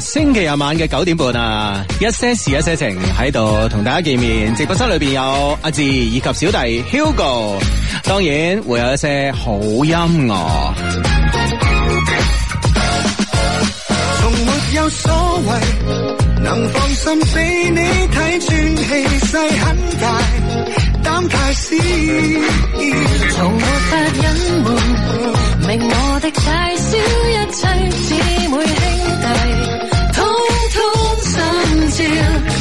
星期日晚嘅九點半啊，一些事一些情喺度同大家見面。直播室裏邊有阿志以及小弟 Hugo，當然會有一些好音樂啊。從沒有所謂，能放心俾你睇穿氣勢很大，膽太小，從冇法隱瞞，明我的太少，一切姊妹兄弟。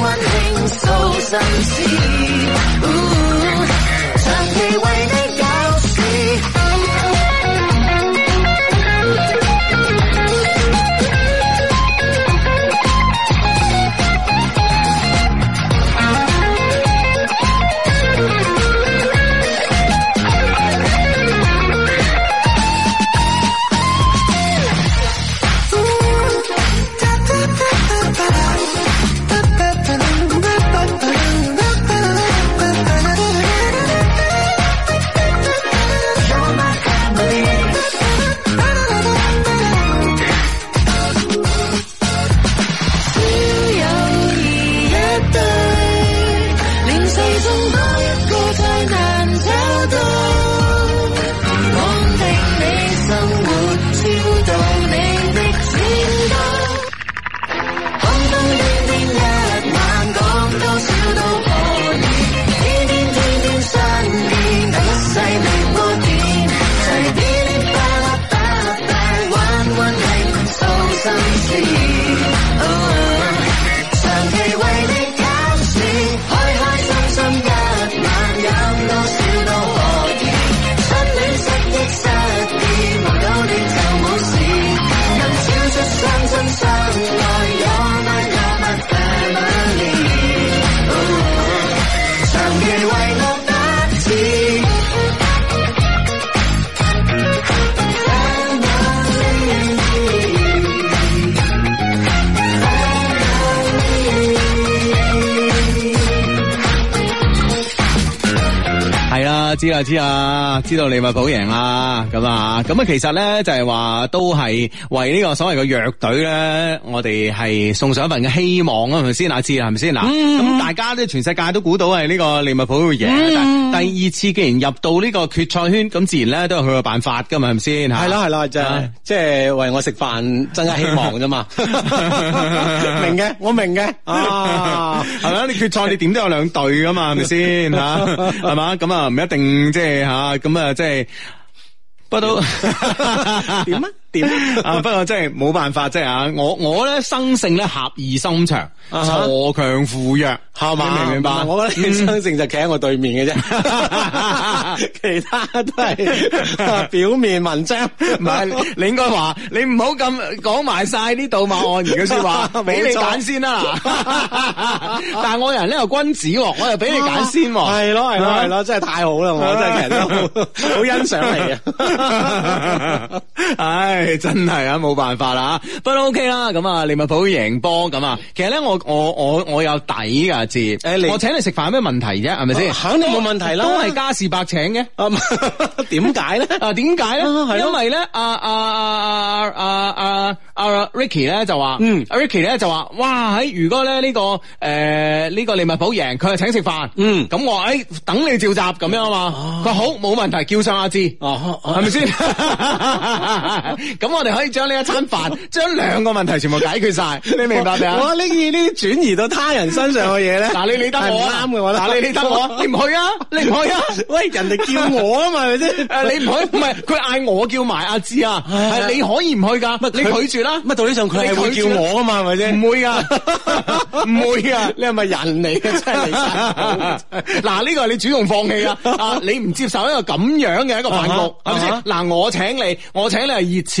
溫馨訴心事，長期為你。知啊，知道利物浦贏啦，咁啊，咁啊，其實咧就係話都係為呢個所謂嘅弱隊咧，我哋係送上一份嘅希望啊，咪先、啊？下次係咪先？嗱，咁大家都全世界都估到係呢個利物浦會贏，嗯、但第二次既然入到呢個決賽圈，咁自然咧都有佢嘅辦法噶嘛，係咪先、啊？係咯係咯，就即、是、係為我食飯增加希望啫嘛。 明嘅，我明嘅 啊，係啦，你決賽你點都有兩隊噶嘛，係咪先、啊？吓， 係嘛，咁啊唔一定。即係吓，咁啊，即係不都點啊？點 啊？不過真係冇辦法，即係啊！我我咧生性咧俠義心腸，坐強扶弱，係嘛？明唔明，明白？我覺得你嘅生性就企喺我對面嘅啫，其他都係表面文章。唔 係不是 你應該話，你唔好咁講埋晒呢度嘛。我而家 先話、啊，俾你揀先啦。但係我人呢又君子，我又俾你揀先、啊。係、啊、咯，係咯，係咯，真係太好啦！我真係其實好欣賞你啊，唉。 真係啊，冇辦法啦，不過 OK 啦，咁啊，利物浦贏波咁啊，其實咧，我我我我有底噶志、啊，我請你食飯有咩問題啫，係咪先？肯定冇問題啦，都係嘉士伯請嘅，點解咧？啊，點解咧？係、啊啊啊啊、因為咧，Ricky 咧就話，嗯，阿 Ricky 咧就話，哇，喺如果咧、這、呢個誒呢、呃這個利物浦贏，佢係請食飯，嗯，咁我誒、哎、等你召集咁樣嘛，佢、啊、好冇問題，叫上阿芝係咪先？啊啊是咁我哋可以將呢一餐飯，將兩個問題全部解決晒，你明白未啊？我呢啲呢轉移到他人身上嘅嘢咧，嗱、啊、你你得我啱嘅，嗱你你得我，啊、你唔去啊？你唔去啊？喂，人哋叫我啊嘛，係咪先？ 你唔去唔係佢嗌我叫埋阿芝啊，係 你可以唔去噶，你拒絕啦、啊。乜道理上佢係會叫我啊嘛，係咪先？唔會噶，唔會啊！會 會會你係咪人嚟嘅？真係，嗱 呢、啊這個你主動放棄啊，啊！你唔接受一個咁樣嘅一個飯局，係咪先？嗱、啊，我請你，我請你係熱情。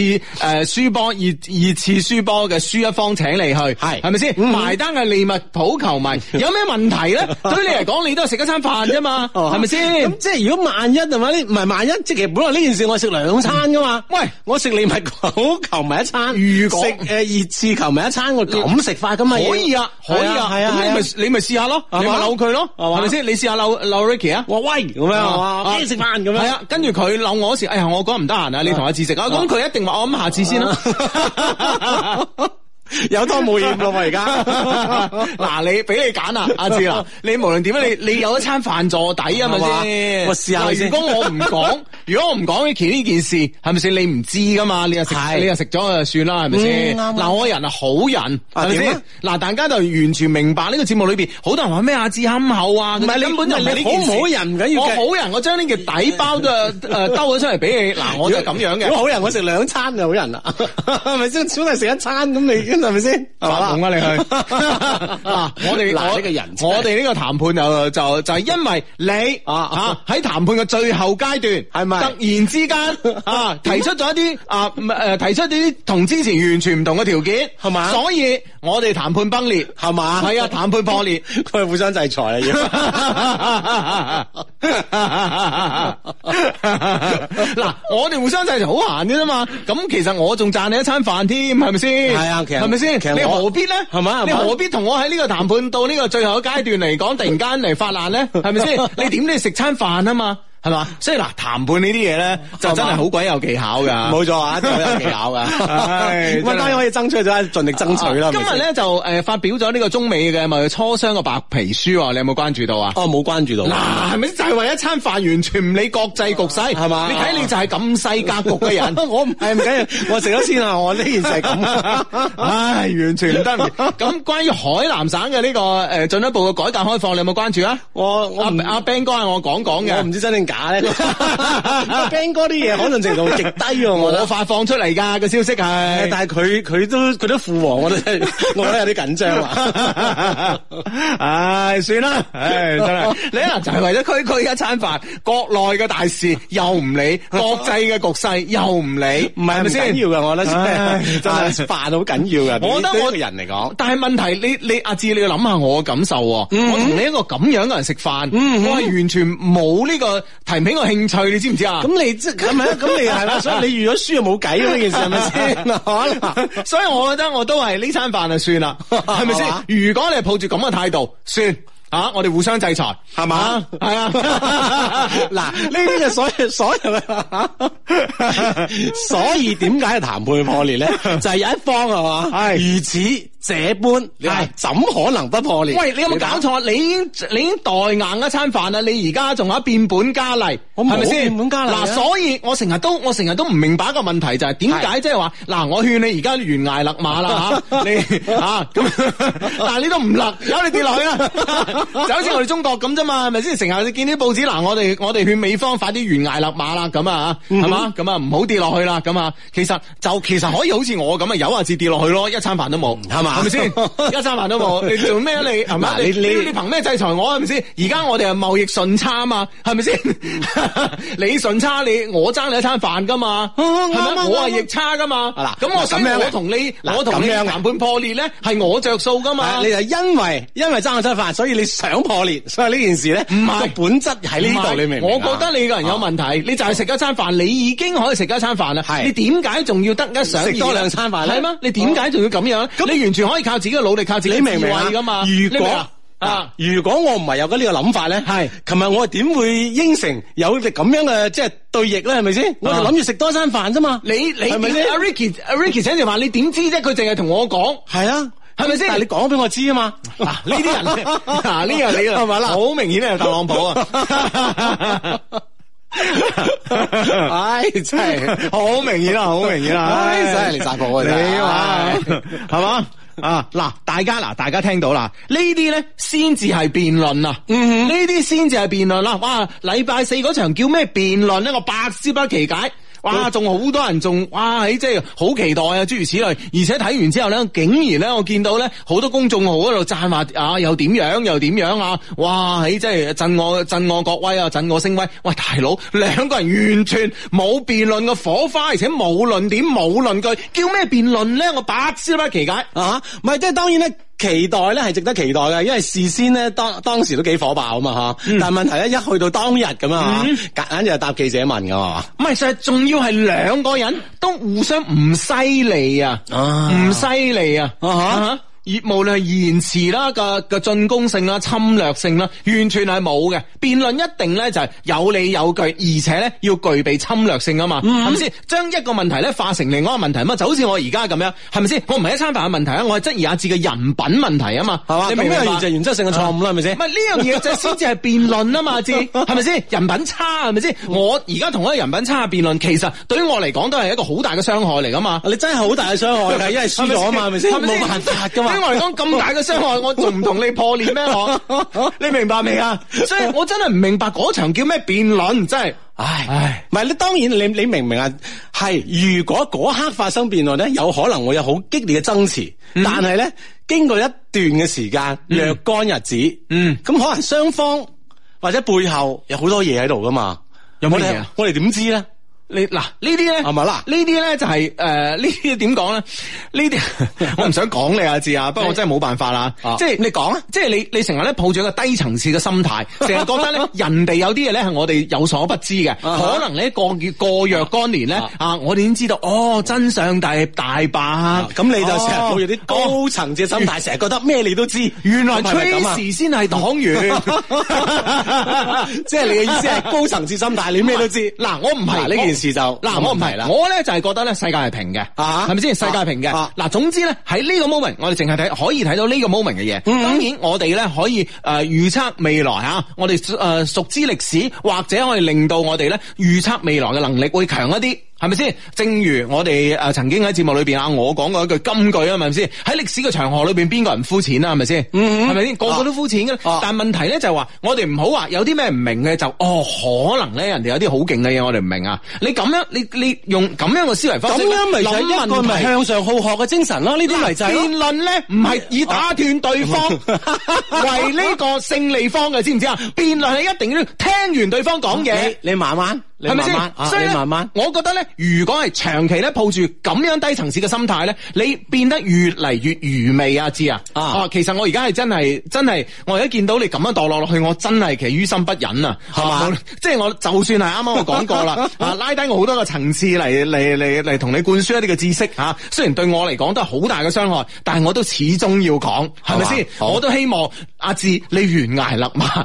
次誒輸波二二次輸波嘅輸一方請你去係係咪先埋單嘅利物浦球迷有咩問題咧？ 對你嚟講，你都係食一餐飯啫嘛，係咪先？咁即係如果萬一係嘛唔係萬一，即係其實本來呢件事我食兩餐噶嘛。喂，我食利物浦球迷一餐，如果食誒熱刺球迷一餐，我咁食法噶嘛？可以啊，可以啊，咁、啊啊啊、你咪、啊、你咪試、啊、下咯，你咪扭佢咯，係咪先？你試下扭 Ricky 啊，喂咁樣跟住食飯咁樣，係啊。跟住佢扭我時，哎呀，我講唔得閒啊，你同食咁佢一定。啊我諗下次先啦。 有多冇欠咯，而家嗱，你俾你揀啊，阿志嗱，你無論點樣，你你有一餐飯坐底啊，係咪先？試下如果我唔講，如果我唔講呢件呢件事，係咪先？你唔知噶嘛？你又食，你又食咗就算啦，係咪先？嗱、嗯啊，我人係好人，係咪先？嗱、啊啊啊，大家就完全明白呢、這個節目裏邊，好多人話咩阿志慳口啊，唔係、啊，你本就唔好好人唔緊要我好人，我將呢件 底包都誒兜咗出嚟俾你。嗱、啊，我都係咁樣嘅。如，如果好人，我食兩餐就好人啦，係咪先？只係食一餐咁你。係咪先？好啊，你去嗱、 啊，我哋我呢個人，我哋呢 個談判就就就係因為你啊啊喺談判嘅最後階段，係咪突然之間啊提出咗一啲啊誒、呃、提出啲同之前完全唔同嘅條件，係嘛？所以我哋談判崩裂，係嘛？係 啊，談判破裂，佢 係互相制裁 啊！要嗱，我哋互相制就好閒啫嘛。咁、啊、其實我仲賺你一餐飯添，係咪先？係啊，其、okay, 咪先，你何必呢？係嘛，你何必同我喺呢個談判到呢個最後嘅階段嚟講， 突然間嚟發難呢？係咪先？ 你點都要食餐飯啊嘛？係嘛，所以嗱談判呢啲嘢咧，就是、真係好鬼有技巧噶。冇錯啊， 有技巧噶。當 然可以爭取咗，盡力爭取啦、啊。今日咧就誒、呃、發表咗呢個中美嘅咪磋商嘅白皮書，你有冇關注到啊？哦，冇關注到。嗱、哦，係咪、啊、就係、是、為一餐飯完全唔理國際局勢係嘛？你睇你就係咁細格局嘅人，我唔係唔緊要，我食咗先啊！我呢件事係咁，唉，完全唔、啊 我不 哎、得。咁、 哎、 關於海南省嘅呢、這個誒進、呃、一步嘅改革開放，你有冇關注啊？我我阿 Ben 哥係我講講嘅，我唔 知真定。假咧 Bang 哥啲嘢可能程度極低哦，我發放出嚟噶個消息係，但係佢佢都佢都父王 我都真係，我有啲緊張啊。唉，算啦，唉、哎、真係， 你啊就係、是、為咗區區一餐飯，國內嘅大事又唔理，國際嘅局勢又唔理，唔係咪先？要嘅，我咧食飯好緊要嘅， 我覺得我個人嚟講，但係問題你你阿志你要諗下我嘅感受，嗯、我同你一個咁樣嘅人食飯、嗯，我係完全冇呢、這個。提唔起我興趣，你知唔知啊？咁你即係咁咁你係啦，所以你預咗輸又冇計嘅呢件事係咪先？所以我覺得我都係呢餐飯就算啦，係咪先？如果你係抱住咁嘅態度，算啊，我哋互相制裁，係嘛？係 是啊，嗱， 呢啲就所以，所以，所以，點解談判破裂咧？就係有一方係嘛，係如此。這般你係怎可能不破裂？喂，你有冇搞錯？你，你已經你已經代硬一餐飯啦，你而家仲話變本加厲，係咪先？變本加厲嗱、啊，所以我成日都我成日都唔明白一個問題就係點解即係話嗱，我勸你而家懸崖勒馬啦吓， 你啊，咁， 但係你都唔勒， 由你跌落去啦， 就好似我哋中國咁啫嘛，係咪先？成日你見啲報紙嗱、啊，我哋我哋勸美方快啲懸崖勒馬啦，咁啊吓，係嘛咁啊，唔好跌落去啦，咁啊，其實就其實可以好似我咁啊，有下至跌落去咯，一餐飯都冇，係 嘛。係咪先，一餐飯都冇？你做咩你？係咪你你你憑咩制裁我啊？係咪先，而家我哋係貿易順差啊嘛，係咪先？嗯、 你順差你，我爭你一餐飯噶嘛？係、嗯嗯、我係逆差噶嘛？嗱、啊，咁我使我同你，啊、我同你、啊我同你啊、樣談判破裂咧，係我着數噶嘛？啊、你係因為因為爭我餐飯，所以你想破裂，所以呢件事咧，個本質喺呢度，你明？我覺得你個人有問題，啊、你就係食一餐飯，啊，你已經可以食一餐飯啦。係你點解仲要得一想多兩餐飯咧？係嗎？啊、你點解仲要咁樣？咁、啊、你完全。仲可以靠自己嘅努力，靠自己嘅智慧噶嘛，明唔明、啊？如果明唔明啊，啊，如果我唔係有緊呢個諗法咧，係，琴日我點會應承有咁樣嘅即係對弈咧？係咪先？我就諗住食多餐飯啫嘛。你你點？阿 Ricky，Ricky 請你，話你點知啫？佢淨係同我講，係啊，係咪先？但係你講俾我知啊嘛。嗱，呢啲人，嗱、 啊，呢人你係咪啦？好明顯係特朗普啊！唉、 哎，真係 好明顯啦、啊、好明顯啦真係特朗普啊，哎哎哎、你話係嘛？哎 啊嗱，大家嗱，大家聽到啦，呢啲咧先至係辯論啊，呢啲先至係辯論啦，哇，禮拜四嗰場叫咩辯論咧，我百思不得其解。哇，仲好多人仲哇，喺即係好期待啊，諸如此類。而且睇完之後咧，竟然咧，我見到咧好多公眾號喺度讚話啊，又點樣又點樣啊！哇，喺即係震我震我國威啊，震我聲威。喂，大佬，兩個人完全冇辯論嘅火花，而且冇論點冇論據，叫咩辯論咧？我百思不得其解啊！咪即係當然咧。期待咧係值得期待嘅，因為事先咧當當時都幾火爆啊嘛，吓、嗯！但係問題咧一去到當日咁啊、嗯，夾硬就係答記者問噶嘛。唔係，實係仲要係兩個人都互相唔犀利啊，唔犀利啊，無論係言辭啦、嘅個進攻性啦、侵略性啦，完全係冇嘅。辯論一定咧就係、是、有理有據，而且咧要具備侵略性啊嘛，係咪先？將一個問題咧化成另外一個問題，嘛，就好似我而家咁樣，係咪先？我唔係一餐飯嘅問題啊，我係質疑阿志嘅人品問題啊嘛，係嘛？你明咩，就係原則性嘅錯誤啦？係咪先？唔係呢樣嘢，就先至係辯論啊嘛，阿志係咪先？人品差係咪先？是是 我而家同一個人品差嘅辯論，其實對於我嚟講都係一個好大嘅傷害嚟噶嘛。你真係好大嘅傷害但係，因為輸咗啊嘛，係咪先？冇辦法噶嘛。咁大嘅傷害，我仲唔同你破裂咩？ 你明白未啊？所以我真係唔明白嗰場叫咩辯論，真係，唉，唔係你當然你你，明唔明啊？係如果嗰刻發生辯論咧，有可能會有好激烈嘅爭持、嗯，但係咧經過一段嘅時間，若干日子，嗯，咁、嗯、可能雙方或者背後有好多嘢喺度噶嘛？有冇嘢啊？我哋點知咧？你嗱呢啲咧咪呢啲咧就係、是、誒、呃、呢啲點講咧？呢啲 我唔想講你啊知啊，不過我真係冇辦法啦。即係你講啊！即、就、係、是、你、就是、你成日咧抱住一個低層次嘅心態，成 日覺得咧人哋有啲嘢咧係我哋有所不知嘅、啊。可能你過越過若干年咧啊,啊，我哋已經知道哦真相大大白。咁、啊、你就成日抱住啲高層次心態，成日覺得咩你都知。原來幾時先係黨員，即 係 你嘅意思係高層次心態，你咩都知？嗱、啊，我唔係呢件事。就嗱，我唔係啦，我咧就係覺得咧、啊，世界係平嘅，係咪先？世界平嘅，嗱，總之咧喺呢個 moment，我哋淨係睇可以睇到呢個 moment 嘅嘢。當然，我哋咧可以誒、呃、預測未來嚇，我哋誒、呃、熟知歷史，或者可以令到我哋咧預測未來嘅能力會強一啲。係咪先？正如我哋誒曾經喺節目裏邊啊，我講過一句金句啊，係咪先？喺歷史嘅長河裏邊，邊個人膚淺啦？係咪先？嗯，係咪先？個個都膚淺嘅。啊、但係問題咧就係話，我哋唔好話有啲咩唔明嘅就哦，可能咧人哋有啲好勁嘅嘢，我哋唔明啊。你咁樣，你你用咁樣嘅思維方式，咁樣咪就係一個咪向上好學嘅精神咯。這些咯論呢啲咪就係辯論咧，唔係以打斷對方、啊、為呢個勝利方嘅，知唔知啊？辯論係一定要聽完對方講嘢、啊，你慢慢。係咪先？所以咧，我覺得咧，如果係長期咧，抱住咁樣低層次嘅心態咧，你變得越嚟越愚昧啊，智啊！啊，啊其實我而家係真係真係，我而家見到你咁樣墮落落去，我真係其實於心不忍啊，係嘛？即係、就是、我就算係啱啱我講過啦， 啊，拉低我好多個層次嚟嚟嚟嚟同你灌輸一啲嘅知識吓、啊，雖然對我嚟講都係好大嘅傷害，但係我都始終要講，係咪先？我都希望阿志你懸崖勒馬，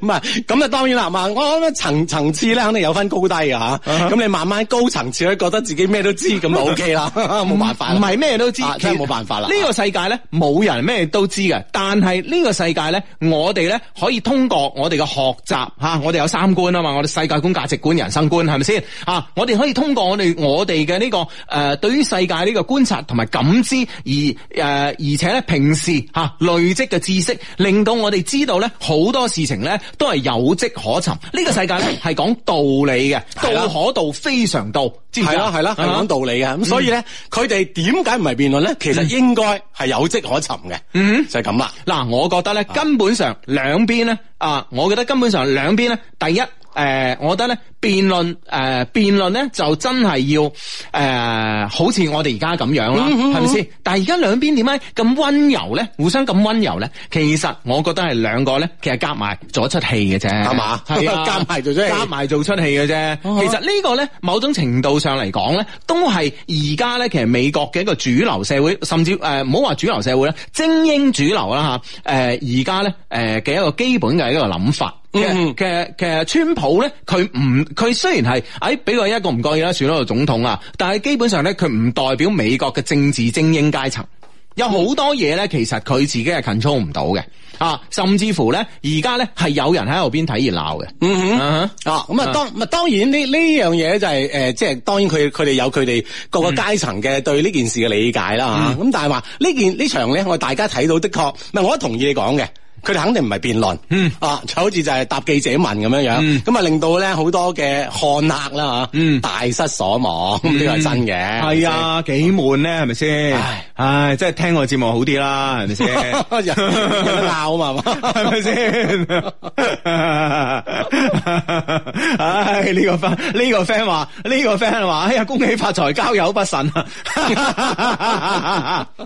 唔係咁啊！ 就當然啦，嘛，我。層層次咧，肯定有分高低嘅吓。咁、啊、你慢慢高層次咧、啊，覺得自己咩都知咁、啊、就 OK 啦，冇辦法。唔係咩都知，冇、啊、辦法啦。呢、啊呢個世界咧，冇人咩都知嘅。但係呢個世界咧，我哋咧可以通過我哋嘅學習吓、啊，我哋有三觀啊嘛，我哋世界觀、價值觀、人生觀係咪先啊？我哋可以通過我哋我哋嘅呢個誒、呃，對於世界呢個觀察同埋感知，而誒、呃、而且咧平時吓、啊、累積嘅知識，令到我哋知道咧好多事情咧都係有跡可尋。呢、呢個世界咧，係講道理嘅，道可道非常道，知唔知啊？係啦，係啦，係講道理嘅咁，嗯、所以咧佢哋點解唔係辯論咧？其實應該係有跡可尋嘅，嗯哼，就係咁啦。嗱，我覺得咧根本上兩邊咧啊，我覺得根本上兩邊咧，第一。誒、呃，我覺得咧辯論，誒辯論咧就真係要誒、呃，好似我哋而家咁樣啦，係咪先？但係而家兩邊點解咁温柔咧？互相咁温柔咧？其實我覺得係兩個咧，其實夾埋做出戲嘅啫，係嘛？係夾埋做出夾埋做出戲嘅啫。其實個呢個咧，某種程度上嚟講咧，都係而家咧，其實美國嘅一個主流社會，甚至誒唔好話主流社會啦，精英主流啦吓。誒而家咧，誒嘅、呃、一個基本嘅一個諗法。嘅嘅，其實，其實川普咧，佢唔佢雖然係喺俾我一個唔覺意啦，選咗做總統啊，但係基本上咧，佢唔代表美國嘅政治精英階層，有好多嘢咧，其實佢自己係 control 唔到嘅啊，甚至乎咧，而家咧係有人喺後邊睇熱鬧嘅。嗯哼，啊，咁啊、嗯啊，嗯嗯啊就係呃，當然呢呢樣嘢就係即係當然佢佢哋有佢哋各個階層嘅對呢件事嘅理解啦咁，嗯啊、但係話呢件呢場咧，我哋大家睇到的確，我都同意你講嘅。佢哋肯定唔係辯論，嗯，啊，就好似就係答記者問咁樣樣，咁啊令到咧好多嘅看客啦吓，嗯，大失所望。咁呢個係真嘅，係、嗯、啊，幾悶咧，係咪先？唉，即係聽我節目好啲啦，係咪先？有得鬧啊嘛，係咪先？ 唉，呢、這個 friend 呢個 friend 話，呢、這個 friend 話，哎呀，恭喜發財，交友不慎啊！呢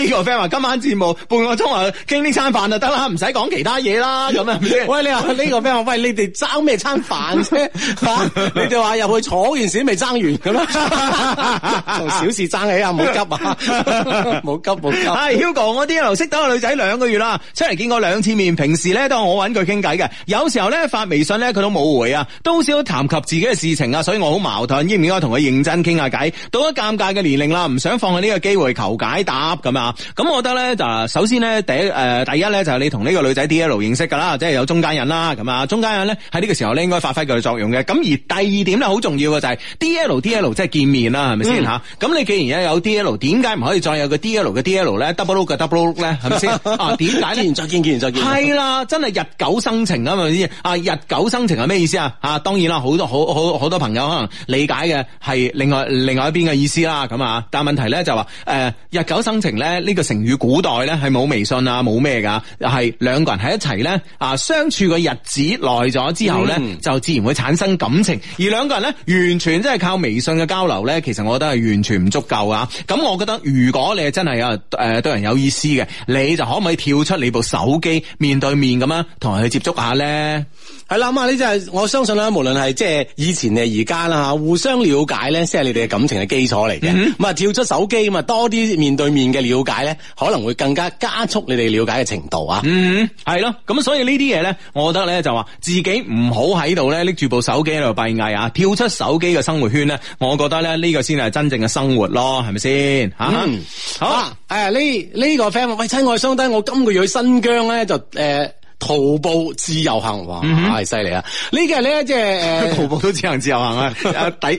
個 friend 話，今晚節目半個鐘啊，傾呢餐飯啊！得啦，唔使講其他嘢啦，咁啊！喂，你話呢、這個咩？喂，你哋爭咩餐飯啫、 啊？你哋話入去坐完先，未爭完咁啦？從 小事爭起 啊！冇急啊，冇急冇急。係 Hugo，我啲流識到個女仔兩個月啦，出嚟見過兩次面，平時咧都係我揾佢傾偈嘅。有時候咧發微信咧佢都冇回啊，都少談及自己嘅事情啊，所以我好矛盾，應唔應該同佢認真傾下偈？到咗尷尬嘅年齡啦，唔想放棄呢個機會求解答咁啊！咁我覺得咧就首先咧第一誒、呃、第一咧。就是、你同呢個女仔 D L 認識噶啦，即、就、係、是、有中間人啦，咁啊中間人咧喺呢個時候咧應該發揮佢作用嘅。咁而第二點咧好重要嘅就係、是、D L D L 即係見面啦、啊，係咪先吓？咁你既然有有 D L，點解唔可以再有個 D L 嘅 D L 咧？double 碌嘅 double Look 咧，係咪先？ 啊，點解連再見見完再見？係啦、啊，真係日久生情啊嘛先啊，日久生情係咩意思啊？啊，當然啦，好多好好好多朋友可能理解嘅係另外另外一邊嘅意思啦、啊。咁啊，但問問題咧就話、是、誒、呃，日久生情咧呢、這個成語古代咧係冇微信啊，冇咩噶。係兩個人喺一齊呢，啊相處嘅日子耐咗之後呢、嗯，就自然會產生感情。而兩個人呢，完全真係靠微信嘅交流呢，其實我覺得係完全唔足夠啊。咁我覺得如果你真係有誒對人有意思嘅，你就可唔可以跳出你部手機，面對面咁啊同人去接觸下呢？係啦，咁啊，呢就係我相信啦，無論係即係以前定而家啦吓，互相了解咧，先係你哋嘅感情嘅基礎嚟嘅。咁、嗯、啊，跳出手機咁啊，多啲面對面嘅了解咧，可能會更加加速你哋了解嘅程度啊。嗯，係咯。咁所以呢啲嘢咧，我覺得咧就話自己唔好喺度咧拎住部手機喺度閉翳啊，跳出手機嘅生活圈咧，我覺得咧呢個先係真正嘅生活咯，係咪先吓？好啊。誒、啊，呢、這、呢個 friend，喂，親愛相低，我今個月去新疆咧就誒。呃徒步自由行太犀利啊！Mm-hmm. 幾呢幾日咧即係誒，就是 uh, 徒步都自，行自由行、啊，係 咪、 啊？底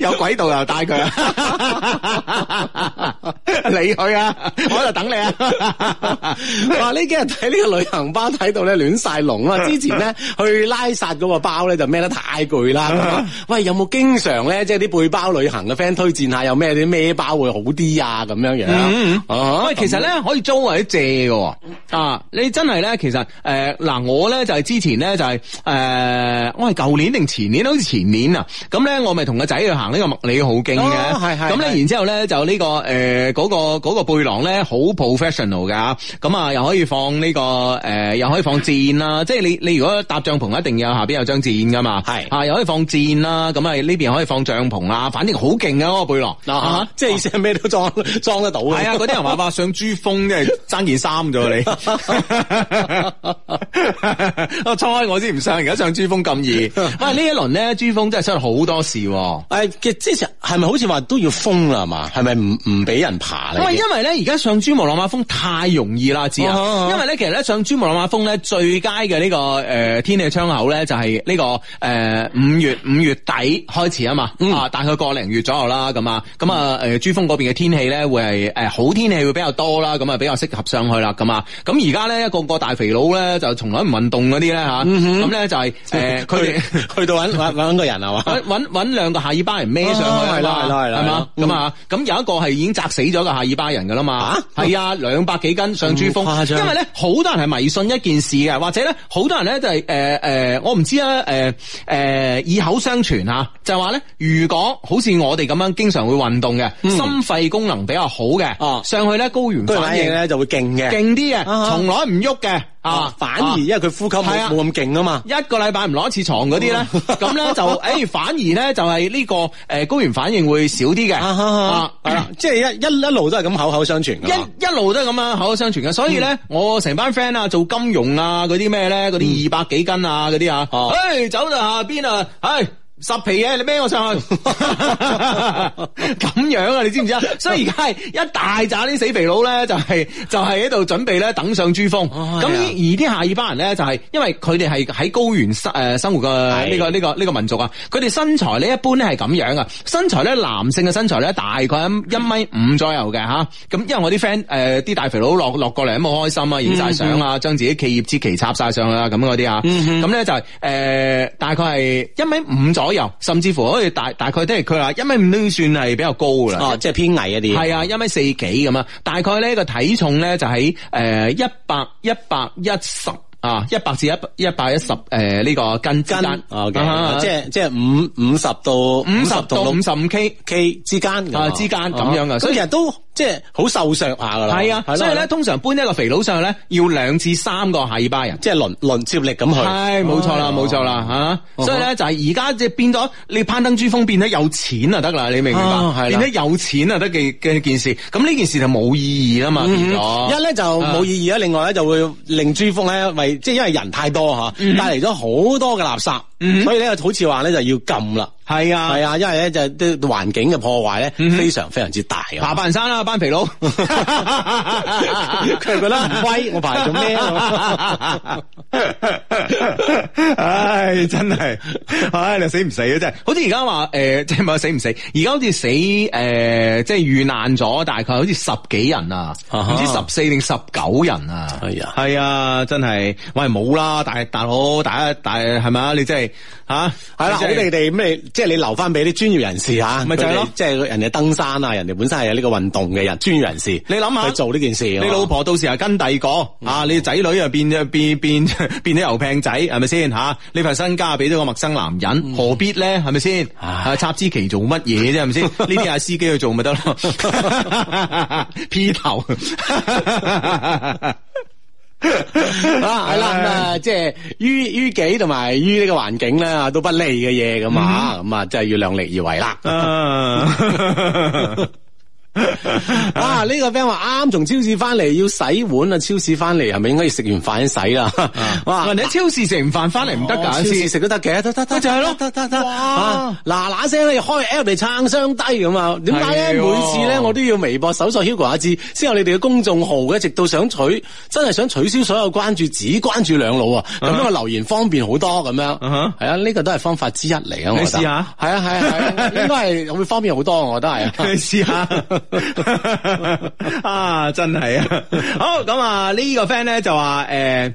有軌道又帶佢，你去啊！我喺度等你啊！ 哇！呢 幾日睇呢個旅行包睇到咧亂晒龍啊！之前咧 去拉薩嗰個包咧就孭得太攰啦。 喂，有冇經常咧即係啲背包旅行嘅 friend 推薦下有，有咩啲孭包會好啲啊？咁樣樣、mm-hmm. 啊，喂，啊、其實咧可以租或者借嘅啊！你真係咧，其實誒。呃嗱、啊，我咧就係之前咧就係、是、誒，我係舊年定前年，好似前年啊，咁咧我咪同個仔去行個麥理、啊、呢，呢，呢、這個麥理好勁嘅，咁咧然之後咧就呢個誒嗰個嗰個背囊咧好 professional 噶。咁啊又可以放呢、這個誒、呃、又可以放箭啦、啊，即係你你如果搭帳篷一定下面有下邊有張箭噶嘛，係啊又可以放箭啦、啊，咁啊呢邊可以放帳篷啦、啊，反正好勁嘅嗰個背囊，啊，啊即係意思係咩都裝裝、啊、得到，係啊嗰啲、啊、人話話上珠峰即係爭件衫咗你。 初開我猜我先唔上，而家上珠峰咁易。喂，呢一輪咧，珠峰真係出咗好多事、啊。誒，其實之前係咪好似話都要封啦嘛？係咪唔唔俾人爬咧？因為咧而家上珠穆朗瑪峰太容易啦，知啊、哦哦哦？因為咧，其實咧上珠穆朗瑪峰咧最佳嘅呢、這個誒、呃、天氣窗口咧就係、是、呢、這個誒、呃、五月五月底開始啊嘛、嗯，啊大概個零月左右啦，咁啊咁啊誒珠峰嗰邊嘅天氣咧會係誒好天氣會比較多啦，咁啊比較適合上去啦，咁啊咁而家咧一個個大肥佬咧從嗯、就從來唔運動嗰啲咧吓，咁咧就係誒，去去到搵揾個個人係嘛，揾 兩個夏爾巴人孭上去，係啦係啦係啦，係嘛，咁啊，咁、嗯、有一個係已經砸死咗個夏爾巴人噶啦嘛，係啊，兩百幾斤上珠峰，因為咧好多人係迷信一件事嘅，或者咧好多人咧就係誒誒，我唔知啊，誒誒以口相傳吓，就話、是、咧如果好似我哋咁樣經常會運動嘅、嗯，心肺功能比較好嘅，哦、啊，上去咧高原反應咧、啊、就會勁嘅，勁啲嘅，從、啊、來唔喐嘅。啊，反而、啊、因為佢呼吸冇咁勁啊嘛，一個禮拜唔攞一次床嗰啲咧，咁、嗯、咧就誒、 哎，反而咧就係呢、呢個誒、呃、高原反應會少啲嘅、啊啊啊啊嗯，即係一一一路都係咁口口相傳嘅，一一路都係咁啊口口相傳嘅，所以咧、嗯、我成班 friend 啊做金融啊嗰啲咩咧，嗰啲二百幾斤啊嗰啲、嗯、啊，誒、嗯、走就下邊啊，誒。十皮嘢你孭我上去咁 樣啊？你知唔知啊？ 所以而家係一大紮啲死肥佬咧、就是，就係就係喺度準備咧等上珠峰。咁、哎、而啲夏爾巴人咧、就是，就係因為佢哋係喺高原生誒、呃、生活嘅呢、這個呢、這個呢、這個這個民族啊。佢哋身材咧一般咧係咁樣啊。身材咧男性嘅身材咧大概一米五左右嘅吓。咁、嗯、因為我啲 friend 誒啲大肥佬落落過嚟都好開心啊，影晒相啊，將、嗯、自己企業之旗插晒上去啦咁啲啊。咁咧、嗯、就係誒、呃、大概係一米五左右。左右，甚至乎可以大大概都係佢話一米五都算係比較高噶啦、啊。即係偏矮一啲。係啊，一米四幾咁啊，大概咧個體重咧就喺誒一百一百一十啊一百至一一百一十誒呢個更斤。哦、okay, okay, okay, 啊啊、即係即係五五十到五十到五十五 K K 之間啊之間咁、啊、樣、啊、所以其實都。即係好瘦削下噶啦，係啊，所以咧，通常搬一個肥佬上去咧，要兩至三個夏爾巴人，即係輪輪接力咁去。係，冇錯啦，冇錯啦，吓、哦啊。所以咧就係而家即係變咗，你攀登珠峰變得有錢啊得啦，你明唔明白、啊？變得有錢啊得嘅嘅件事，咁呢件事就冇意義啦嘛，變、嗯嗯、一咧就冇意義啦、嗯，另外咧就會令珠峰咧為即係因為人太多吓，帶嚟咗好多嘅垃圾，嗯、所以咧好似話咧就要禁啦。係啊，係啊，因為咧就啲環境嘅破壞咧、嗯、非常非常之大啊！爬半山啦、啊，班皮佬，佢係覺得唔威，我排做咩？唉，真係，唉、哎，你死唔死啊？真係，好似而家話誒，即係唔係死唔死？而家好似死誒、呃，即係遇難咗，大概好似十幾人啊，唔、uh-huh. 知十四定十九人啊？係啊，係啊，真係，喂，冇啦，但係但係大佬大係咪啊？你真係。吓、啊，係啦，就就是、你哋哋咩，即、就、係、是、你留翻俾啲專業人士吓，咪就係、就是，即係、就是、人哋登山啊，人哋本身係有呢個運動嘅人，專業人士，你諗下，去做呢件事，你老婆到時又跟第二個，啊，你仔女又變變變變咗油餅仔，係咪先吓？你、啊、份身家俾咗個陌生男人，嗯、何必咧？係咪先？插支旗做乜嘢啫？係咪先？呢啲係司機去做咪得咯？P 頭。 啊， 係啦，咁啊，即係於於己同埋於呢個環境咧，都不利嘅嘢，咁、嗯、嘛，咁啊，即係要量力而為啦 brasile。啊！呢、啊啊這個 friend 話啱從超市翻嚟，要洗碗是是要洗啊，啊，超市翻嚟係咪應該要食完飯先洗啊？哇！你喺超市食完飯翻嚟唔得噶，超市食都得嘅，得得得就係咯，得得得嗱嗱聲你開 L p p 嚟撐雙低咁啊？點解咧？每次咧我都要微博搜索 Hugo 阿芝，先有你哋嘅公眾號嘅，直到想取真係想取消所有關注，只關注兩老啊！咁因為留言方便好多咁樣，係啊，啊，呢、這個都係方法之一嚟啊！你試下，係啊係啊，應該係會方便好多，我都係，你試下。 啊，真係啊，好咁啊，這個、fan 呢個 friend 咧就話誒。呃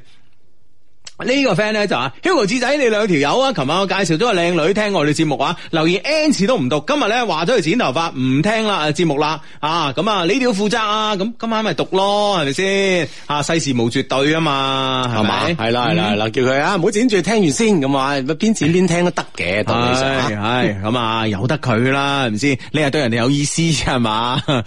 這個、呢個 friend 咧就話，Hugo 志仔你兩條友啊！琴晚我介紹咗個靚女聽我哋節目啊，留言 n 次都唔讀。今日咧話咗去剪頭髮，唔聽啦節目啦啊！咁啊，你哋要負責啊！咁今晚咪讀咯，係咪先？啊，世事無絕對啊嘛，係咪？係、嗯、啦係啦係啦,啦，叫佢啊唔好剪住，聽完先咁啊，邊剪邊聽都得嘅，道你上，係，咁啊、嗯嗯嗯，由得佢啦，係咪先？你又對人哋有意思係嘛、嗯？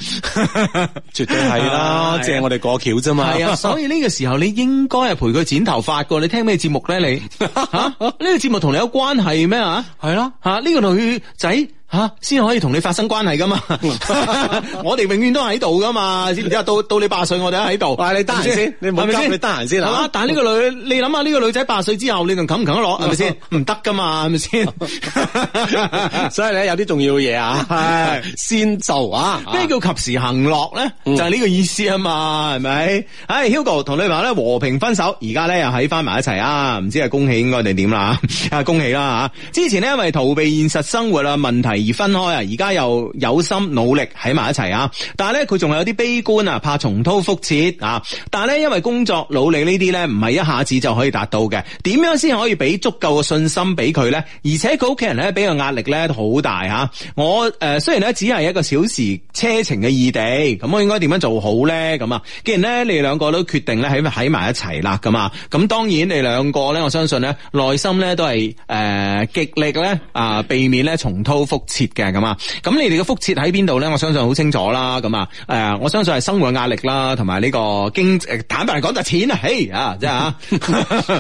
絕對係啦、啊，借我哋過橋啫嘛。係啊，所以呢個時候你應該係陪佢剪頭髮噶，你聽。咩節目咧？你 啊？呢個節目同你有關係咩？啊？啊，係啦，吓，呢個女仔。吓、啊，先可以同你發生關係噶嘛？ 我哋永遠都喺度噶嘛，然之後到到你八歲，我哋都喺度。你得閒先，你唔好急，急，你得閒先啦、啊。但係呢個女，嗯、你諗下呢個女仔八歲之後，你仲擒唔擒得落係咪先？唔得噶嘛，係咪先？所以咧有啲重要嘅嘢啊，先做啊。咩、啊、叫及時行樂咧？就係、是、呢個意思啊嘛，係、嗯、咪？唉、Hey，Hugo 同女朋友咧和平分手，而家咧又喺翻埋一齊啊！唔知係恭喜應該定點啦？啊，恭喜啦吓、啊！之前呢，因為逃避現實生活啊問題，而分開啊，而家又有心努力喺埋一齊啊，但係咧佢仲係有啲悲觀啊，怕重蹈覆轍啊。但係咧，因為工作努力呢啲咧唔係一下子就可以達到嘅，點樣先可以俾足夠嘅信心俾佢咧？而且佢屋企人咧俾個壓力咧好大吓。我誒雖然咧只係一個小時車程嘅異地，咁我應該點樣做好咧？咁啊，既然咧你哋兩個都決定咧喺喺埋一齊啦，咁啊，咁當然你兩個咧，我相信咧內心咧都係誒極力咧啊避免咧重蹈覆轍。切嘅咁啊，咁你哋嘅福祉喺邊度咧？我相信好清楚啦，咁啊，誒，我相信係生活壓力啦，同埋呢個經，坦白講就係錢啊， 嘿啊，即係啊，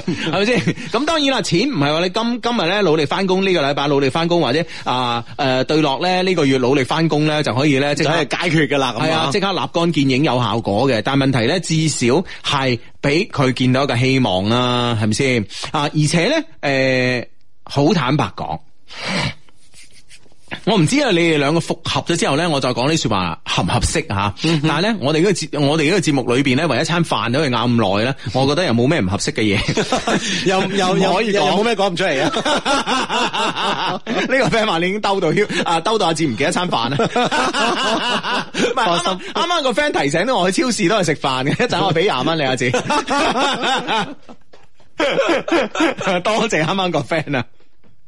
係咪先？咁當然啦，錢唔係話你今今日咧努力翻工，呢、這個禮拜努力翻工或者啊誒、呃呃、對落咧呢個月努力翻工咧就可以咧即刻解決噶啦，係、就是、啊，即刻立竿見影有效果嘅、啊。但問題咧，至少係俾佢見到一個希望啦，係咪先啊？而且咧，誒、呃，好坦白講。 我唔知啊，你哋兩個複合咗之後咧，我再講呢說話合唔合適吓、啊嗯？但係咧，我哋呢、這個節，我哋呢個節目裏邊咧，為一餐飯都係拗咁耐咧，我覺得又冇咩唔合適嘅嘢，又又可以講，冇咩講唔出嚟啊？呢 個 friend 話你已經兜到阿兜到阿志唔記得餐飯啊？唔放心，啱啱個 friend 提醒咗我，去超市都係食飯嘅，一陣我俾廿蚊你阿志，自己 多謝啱啱個 friend 啊！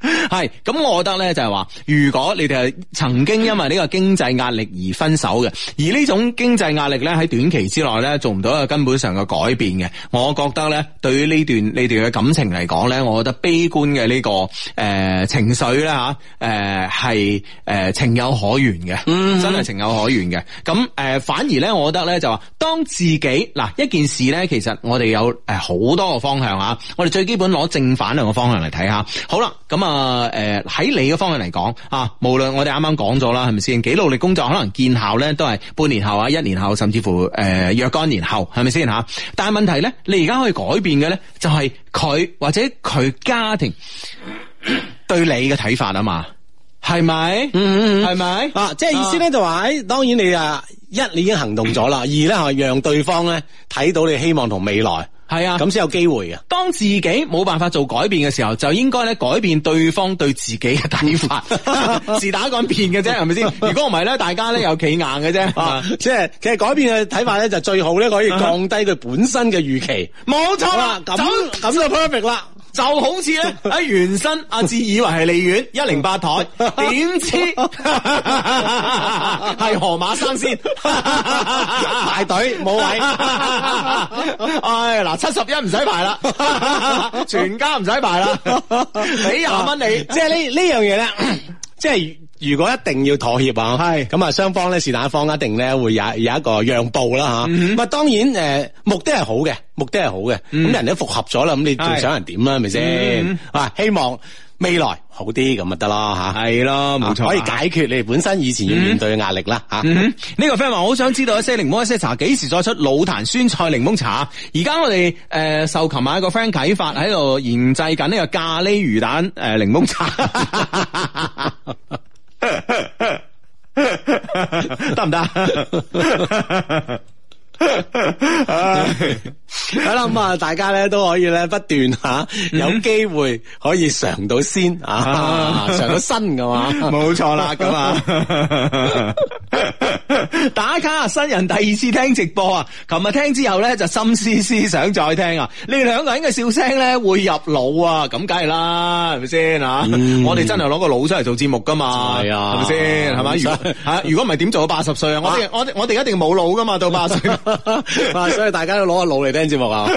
係咁，我覺得咧就係話，如果你哋係曾經因為呢個經濟壓力而分手嘅，而呢種經濟壓力咧喺短期之內咧做唔到一個根本上嘅改變嘅，我覺得咧對於呢段你哋嘅感情嚟講咧，我覺得悲觀嘅呢、這個誒、呃、情緒咧吓誒係誒情有可原嘅，真係情有可原嘅。咁誒、呃、反而咧，我覺得咧就話，當自己嗱一件事咧，其實我哋有誒好多個方向吓，我哋最基本攞正反兩個方向嚟睇下。好啦，咁啊。啊、呃，誒，喺你嘅方向嚟講啊，無論我哋啱啱講咗啦，係咪先？幾努力工作，可能見效咧，都係半年後啊，一年後，甚至乎誒、呃、若干年後，係咪先吓？但係問題咧，你而家可以改變嘅咧，就係佢或者佢家庭對你嘅睇法啊嘛，係咪？嗯嗯，係咪？啊，即係意思咧、就是，就話誒，當然你啊，一你已經行動咗啦，二咧係讓對方咧睇到你希望同未來。係啊，咁先有機會啊。當自己冇辦法做改變嘅時候，就應該咧改變對方對自己嘅睇法， 自打咁變嘅啫，係咪先？ 如果唔係咧，大家咧有企硬嘅啫、 啊。即係其實改變嘅睇法咧，就最好咧可以降低佢本身嘅預期。冇錯啦，咁咁、啊、就 perfect 啦。就好似咧喺原生阿志、啊、以為係利苑一零八台，點 知係河 馬生先 排隊冇位。嗱、 哎。哎七十一唔使排啦， 全家唔使排啦，俾廿蚊你？即係呢呢樣嘢咧，即 係如果一定要妥協啊，係咁啊雙方咧是但一方一定咧會有有一個讓步啦吓。咁、嗯、啊當然誒目的係好嘅，目的係好嘅。咁、嗯、人哋都複合咗啦，咁你仲想人點啦？係咪先、嗯、啊，希望。未來好啲咁咪得咯吓，係咯，冇錯、啊，可以解決你本身以前要面對嘅壓力啦吓。呢、嗯啊，這個 friend 話好想知道，一些檸檬一些茶幾時再出老壇酸菜檸檬茶？而家我哋誒、呃、受琴晚一個 friend 啟發喺度研製緊呢個咖喱魚蛋誒檸檬茶 行不行，得唔得？啦，咁啊，大家咧都可以咧不斷吓，有機會可以嘗到鮮啊，嘗到新噶嘛，冇錯啦，咁啊， 打卡新人第二次聽直播啊，琴日聽之後咧就心思思想再聽啊，你哋兩個人嘅笑聲咧會入腦、嗯、啊是是，咁梗係啦，係咪先啊？我哋真係攞個腦出嚟做節目噶嘛，係啊，係咪先？係咪？如果吓，如果唔係點做到八十歲啊？我哋我我哋一定冇腦噶嘛，到八十歲。 所以大家都攞 個腦嚟聽節目啊，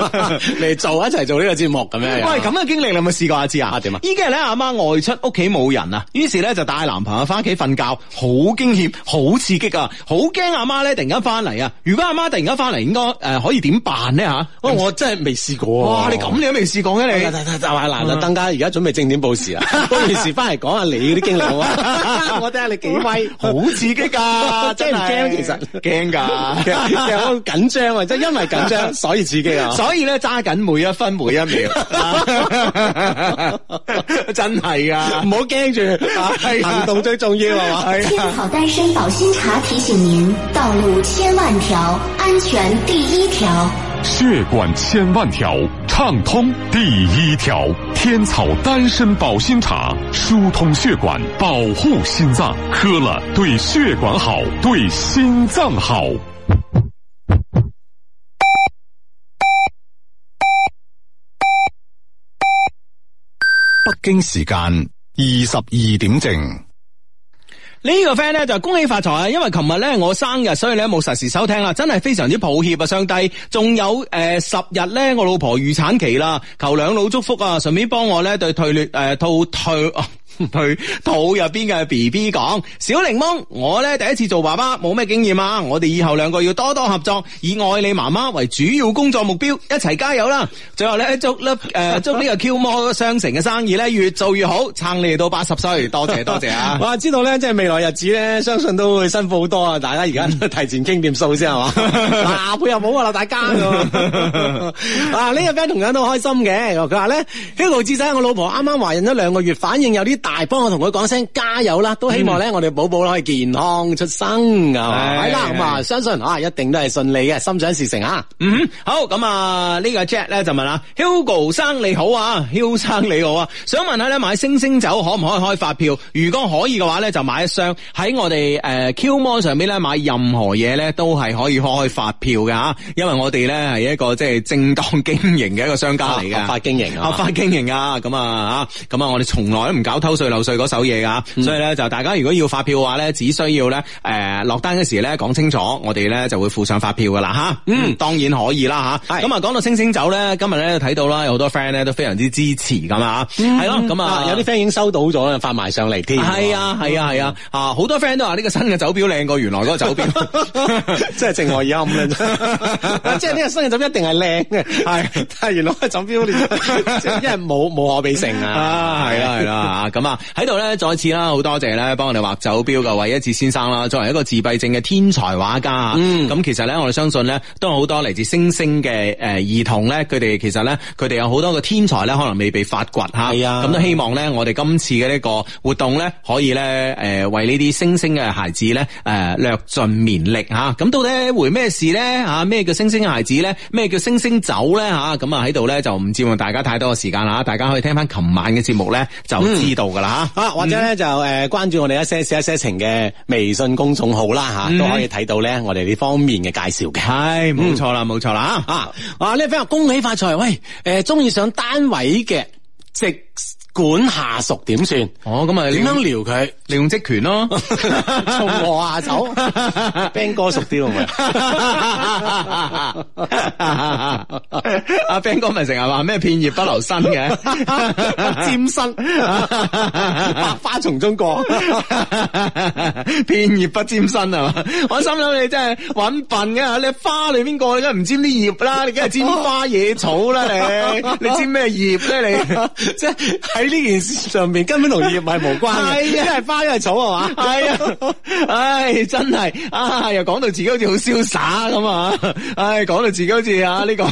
嚟做一齊做呢個節目咁樣。喂，咁嘅經歷你有冇試過一次啊？點啊？依家咧阿媽外出，屋企冇人啊，於是咧就帶男朋友翻屋企瞓覺，好驚險，好刺激啊，好驚阿媽咧突然間翻嚟啊！如果阿媽突然間翻嚟，應該誒可以點辦呢？吓？我我真係未試過。哇，你咁你都未試過嘅你？就嗱，阿鄧家而家準備正點報時啊？到時翻嚟講下你嗰啲經歷啊！我睇下你幾威，好刺激啊！真係唔驚，其實驚噶。 怕的 怕的 緊張啊！即係因為緊張，所以自己啊！ 所以咧，揸緊每一分每一秒， 真係的啊！唔好驚住， 行動最重要啊！天草丹參 保心茶提醒您：道路千萬條，安全第一條；血管千萬條，暢通第一條。天草丹參保心茶，疏通血管，保護心臟，喝了對血管好，對心臟好。北京時間二十二點正，呢個 friend 咧就恭喜發財啊！因為琴日咧我生日，所以咧冇實時收聽啦，真係非常之抱歉啊，上帝！仲有誒十、呃、日咧我老婆預產期啦，求兩老祝福啊，順便幫我咧對退劣誒、呃、套退啊！對肚入邊嘅 B B 講，小檸檬，我咧第一次做爸爸，冇咩經驗啊！我哋以後兩個要多多合作，以愛你媽媽為主要工作目標，一齊加油啦！最後咧，祝祝誒祝呢個 Q 摩商城嘅生意咧越做越好，撐你到八十歲，多謝多謝啊！我 知道咧，即係未來日子咧，相信都會辛苦多談談談 好多啊！大家而家提前傾掂數先係嘛？下輩又冇啦，大家啊，呢、這個 friend 同樣都開心嘅，佢話咧，一路智仔，我老婆啱啱懷孕咗兩個月，反應有啲大係幫我同佢講聲加油啦，都希望咧我哋寶寶可以健康出生噶。係啦，咁啊，相信啊一定都係順利嘅，心想事成啊。嗯，好，咁啊呢個 Jack 咧就問啦，Hugo 生你好啊，Hugo 生你好啊，想問下咧買星星酒可唔可以開發票？如果可以嘅話咧，就買一箱。喺我哋誒 Q Mall 上邊咧買任何嘢，咧都係可以開發票嘅啊，因為我哋咧係一個即係正當經營嘅一個商家嚟嘅，合法經營啊，合法經營啊。咁啊，吓，咁啊，我哋從來都唔搞偷。稅嘢噶，所以咧就大家如果要發票嘅話咧，只需要咧誒落單嘅時咧講清楚，我哋咧就會附上發票噶啦吓。嗯，當然可以啦吓。咁啊，講到星星酒咧，今日咧睇到啦，有好多 friend 咧都非常之支持咁、嗯、啊。係咯，咁啊有啲 friend 已經收到咗啦，發埋上嚟添。係、嗯、啊，係啊，係啊，啊好多 friend 都話呢個新嘅酒表靚過原來嗰個酒表，即係正話已暗啦，即係呢個新嘅酒表一定係靚嘅，係 但係原來嘅酒表靚，因為冇冇可比性啊，係啦係啦咁啊，喺度咧，再次啦，好多謝咧，幫我哋畫走標嘅韋一智先生啦。作為一個自閉症嘅天才畫家，咁、嗯、其實咧，我哋相信咧，都有好多嚟自星星嘅誒兒童咧，佢哋其實咧，佢哋有好多嘅天才咧，可能未被發掘吓。係、嗯、啊，咁都希望咧，我哋今次嘅呢個活動咧，可以咧，誒，為呢啲星星嘅孩子咧，誒，略盡綿力吓。咁到底回咩事咧？吓，咩叫星星嘅孩子咧？咩叫星星走咧？吓，咁啊，喺度咧就唔佔用大家太多嘅時間啦，大家可以聽翻琴晚嘅節目咧，就知道、嗯。噶啦吓，或者咧就誒關注我哋一些事一些情嘅微信公眾號啦吓，都可以睇到咧我哋呢方面嘅介紹嘅。係，冇錯啦，冇錯啦吓啊，呢位朋友恭喜發財。喂，誒，中意上單位嘅直。管下屬點算？哦，咁啊，點樣撩佢？利用職權咯，從何下手。兵哥熟啲咯，咪。阿兵哥咪成日話咩？片葉不留身嘅，沾身。百花叢中過，片葉不沾身啊！我心諗你真係穩笨㗎，你花裏邊過，你梗係唔沾啲葉啦，你梗係沾花野草啦，你你沾咩葉咧？你即係。喺呢件事上面根本同業務無關嘅，係 是啊，呀，係花一草係嘛，係啊，唉、 啊哎，真係啊、哎，又講到自己好似好瀟灑咁啊，唉、哎，講到自己好似啊呢個，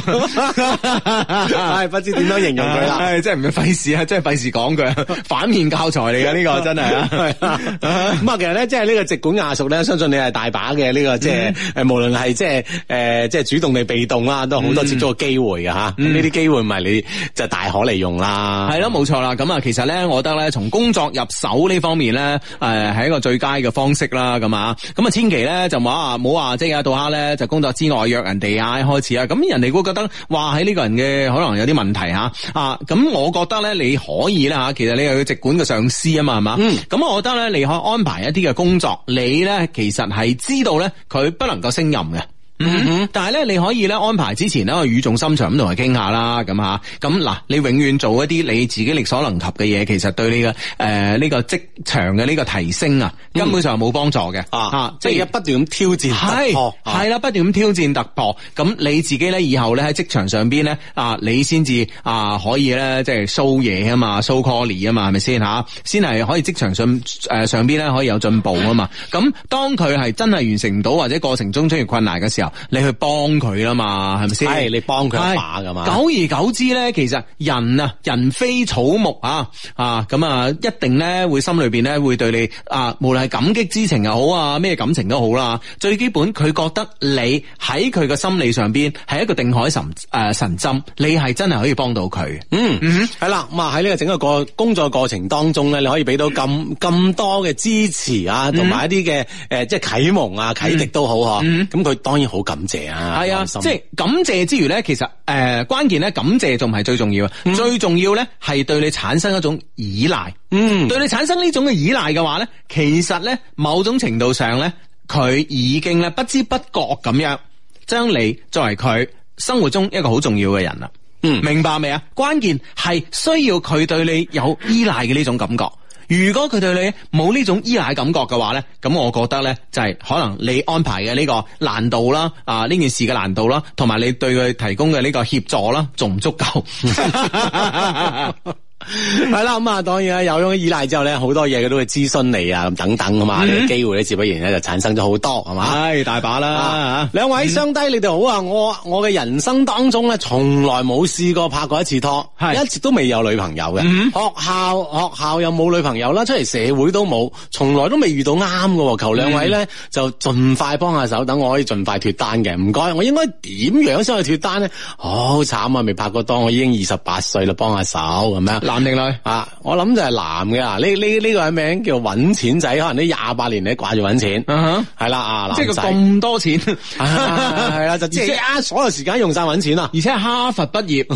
唉、 哎，不知點樣形容佢啦，即、 哎、真係唔要費事啊，即係費事講佢，反面教材嚟噶呢個真係啊，咁 啊，其實咧，即係呢個直管下屬咧，相信你係大把嘅呢個，嗯、即係誒，無論係即係誒，即係、呃、主動定被動啦，都好多接觸嘅機會嘅吓，呢啲機會咪你就是、大可利用、啊嗯、啦，係咯，冇錯啦。咁啊，其實咧，我覺得咧，從工作入手呢方面咧，誒，係一個最佳嘅方式啦。咁啊，咁啊，千祈咧就冇話，冇話，即係到下咧就工作之外約人哋啊開始啊，咁人哋會覺得話喺呢個人嘅可能有啲問題吓啊。咁我覺得咧，你可以啦吓，其實你又要直管嘅上司啊嘛，係、嗯、嘛，咁我覺得咧，你可以安排一啲嘅工作，你咧其實係知道咧佢不能夠升任嘅。嗯,嗯但係咧，你可以咧安排之前咧語重心長咁同佢傾下啦，咁吓，咁嗱，你永遠做一啲你自己力所能及嘅嘢，其實對你嘅誒呢個職場嘅呢個提升啊，根本上係冇幫助嘅、啊，啊，即係而家不斷咁挑戰，係係啦，不斷咁挑戰突破，咁你自己咧以後咧喺職場上邊咧啊，你先至啊可以咧即係 show 嘢啊嘛，show call 啊嘛，係咪先吓？先係可以職場上誒上邊咧可以有進步啊嘛。咁當佢係真係完成唔到或者過程中出現困難嘅時候。你去幫佢吖嘛，係咪先？係，你幫佢一把噶嘛。久而久之咧，其實人啊，人非草木啊，啊咁啊，一定咧會心裏邊咧會對你啊，無論係感激之情又好啊，咩感情都好啦。最基本佢覺得你喺佢嘅心理上邊係一個定海神誒、呃、神針，你係真係可以幫到佢。嗯，係、嗯、啦，咁啊喺呢個整個過工作過程當中咧，你可以俾到咁咁多嘅支持啊，同埋一啲嘅誒即係啟蒙啟、嗯嗯、啊、啟迪都好嗬。咁佢當然好。好感謝啊，係啊，即係感謝之餘咧，其實誒、呃、關鍵咧，感謝仲唔係最重要啊？Mm. 最重要咧係對你產生一種依賴，嗯、mm.，對你產生呢種嘅依賴嘅話咧，其實咧某種程度上咧，佢已經咧不知不覺咁樣將你作為佢生活中一個好重要嘅人啦。嗯、mm.，明白未啊？關鍵係需要佢對你有依賴嘅呢種感覺。如果佢對你冇呢種依賴感覺嘅話呢，咁我覺得呢，就係可能你安排嘅呢個難度啦，啊呢件事嘅難度啦，同埋你對佢提供嘅呢個協助啦，仲唔足夠。 係 啦，咁、嗯、啊，當然啦，有咗依賴之後咧，好多嘢佢都會諮詢你啊，咁等等啊嘛，呢個機會咧，自不然咧就產生咗好多係嘛，係、mm-hmm. 哎、大把啦。兩、啊、位相低，mm-hmm. 你哋好啊！我我嘅人生當中咧，從來冇試過拍過一次拖，係一直都未有女朋友嘅、mm-hmm.。學校學校又冇女朋友啦，出嚟社會都冇，從來都未遇到啱嘅。求兩位咧、mm-hmm. 就盡快幫下手，等我可以盡快脫單嘅。唔該，我應該點樣先可以脫單呢？好、哦、慘啊，未拍過拖，我已經二十八歲啦，幫下手咁樣。男定女啊？我諗就係男嘅啊！呢呢呢個名叫揾錢仔，可能呢廿八年你掛住揾錢，係啦啊！即係咁多錢，係 啦、 啊，即係啊！所有時間用晒揾錢啦，而且哈佛畢業，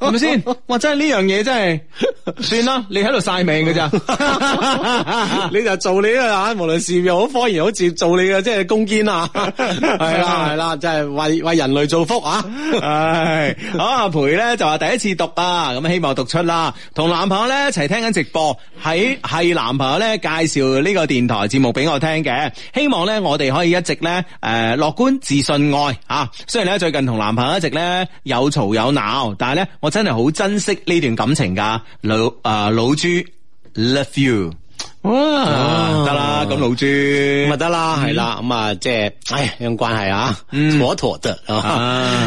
係咪先？或者真係呢樣嘢真係算啦，你喺度晒命噶咋？ 你就做你啊！無論事業好科研好，做做你嘅即係攻堅啊！係啦係啦，即係、就係、為為人類造福啊！ 好阿培咧就話第一次讀啊，咁希望讀出。嗱，同男朋友咧一齊聽緊直播，喺係男朋友咧介紹呢個電台節目俾我聽嘅，希望咧我哋可以一直咧誒樂觀自信愛吓，雖然咧最近同男朋友一直咧有嘈有鬧，但係咧我真係好珍惜呢段感情噶老啊老朱，love you。得、wow. 啦、啊，咁老朱，咪得啦，係啦，咁啊即係，唉，用關係、嗯、啊，妥妥得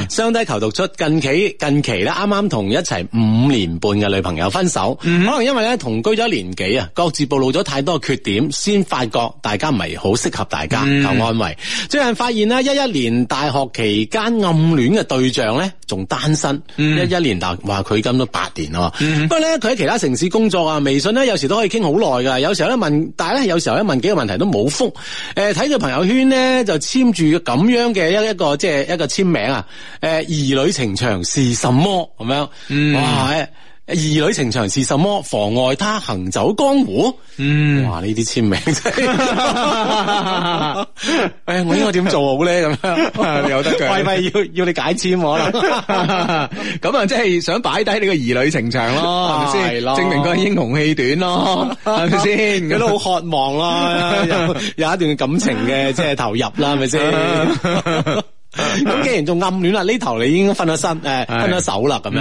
相雙低求讀出，近期近期咧，啱啱同一齊五年半嘅女朋友分手，嗯、可能因為咧同居咗一年幾啊，各自暴露咗太多缺點，先發覺大家唔係好適合大家、嗯。求安慰，最近發現咧，一一年大學期間暗戀嘅對象咧，仲單身。一一年大話佢咁都八年咯，不過咧佢喺其他城市工作啊，微信咧有時都可以傾好耐噶，有時候。一問，但係咧有時候一問幾個問題都冇覆。誒，睇住朋友圈咧就簽住咁樣嘅一一個即係、就是、一個簽名啊。誒，兒女情長是什麼咁樣？嗯，哇！兒女情長是什麼？妨礙他行走江湖？嗯，哇！簽 哎、呢啲簽名真係，誒，我應該點做好咧咁啊？有得佢喂，要要你解簽我啦？咁 啊，即係想擺低你個兒女情長咯，係咪先？證明個英雄氣短咯，係咪先？佢 都好渴望咯，有有一段感情嘅即係投入啦，係咪先？ 咁 既然仲暗戀啦，呢 頭你已經分咗身，誒，分咗手啦，咁、嗯、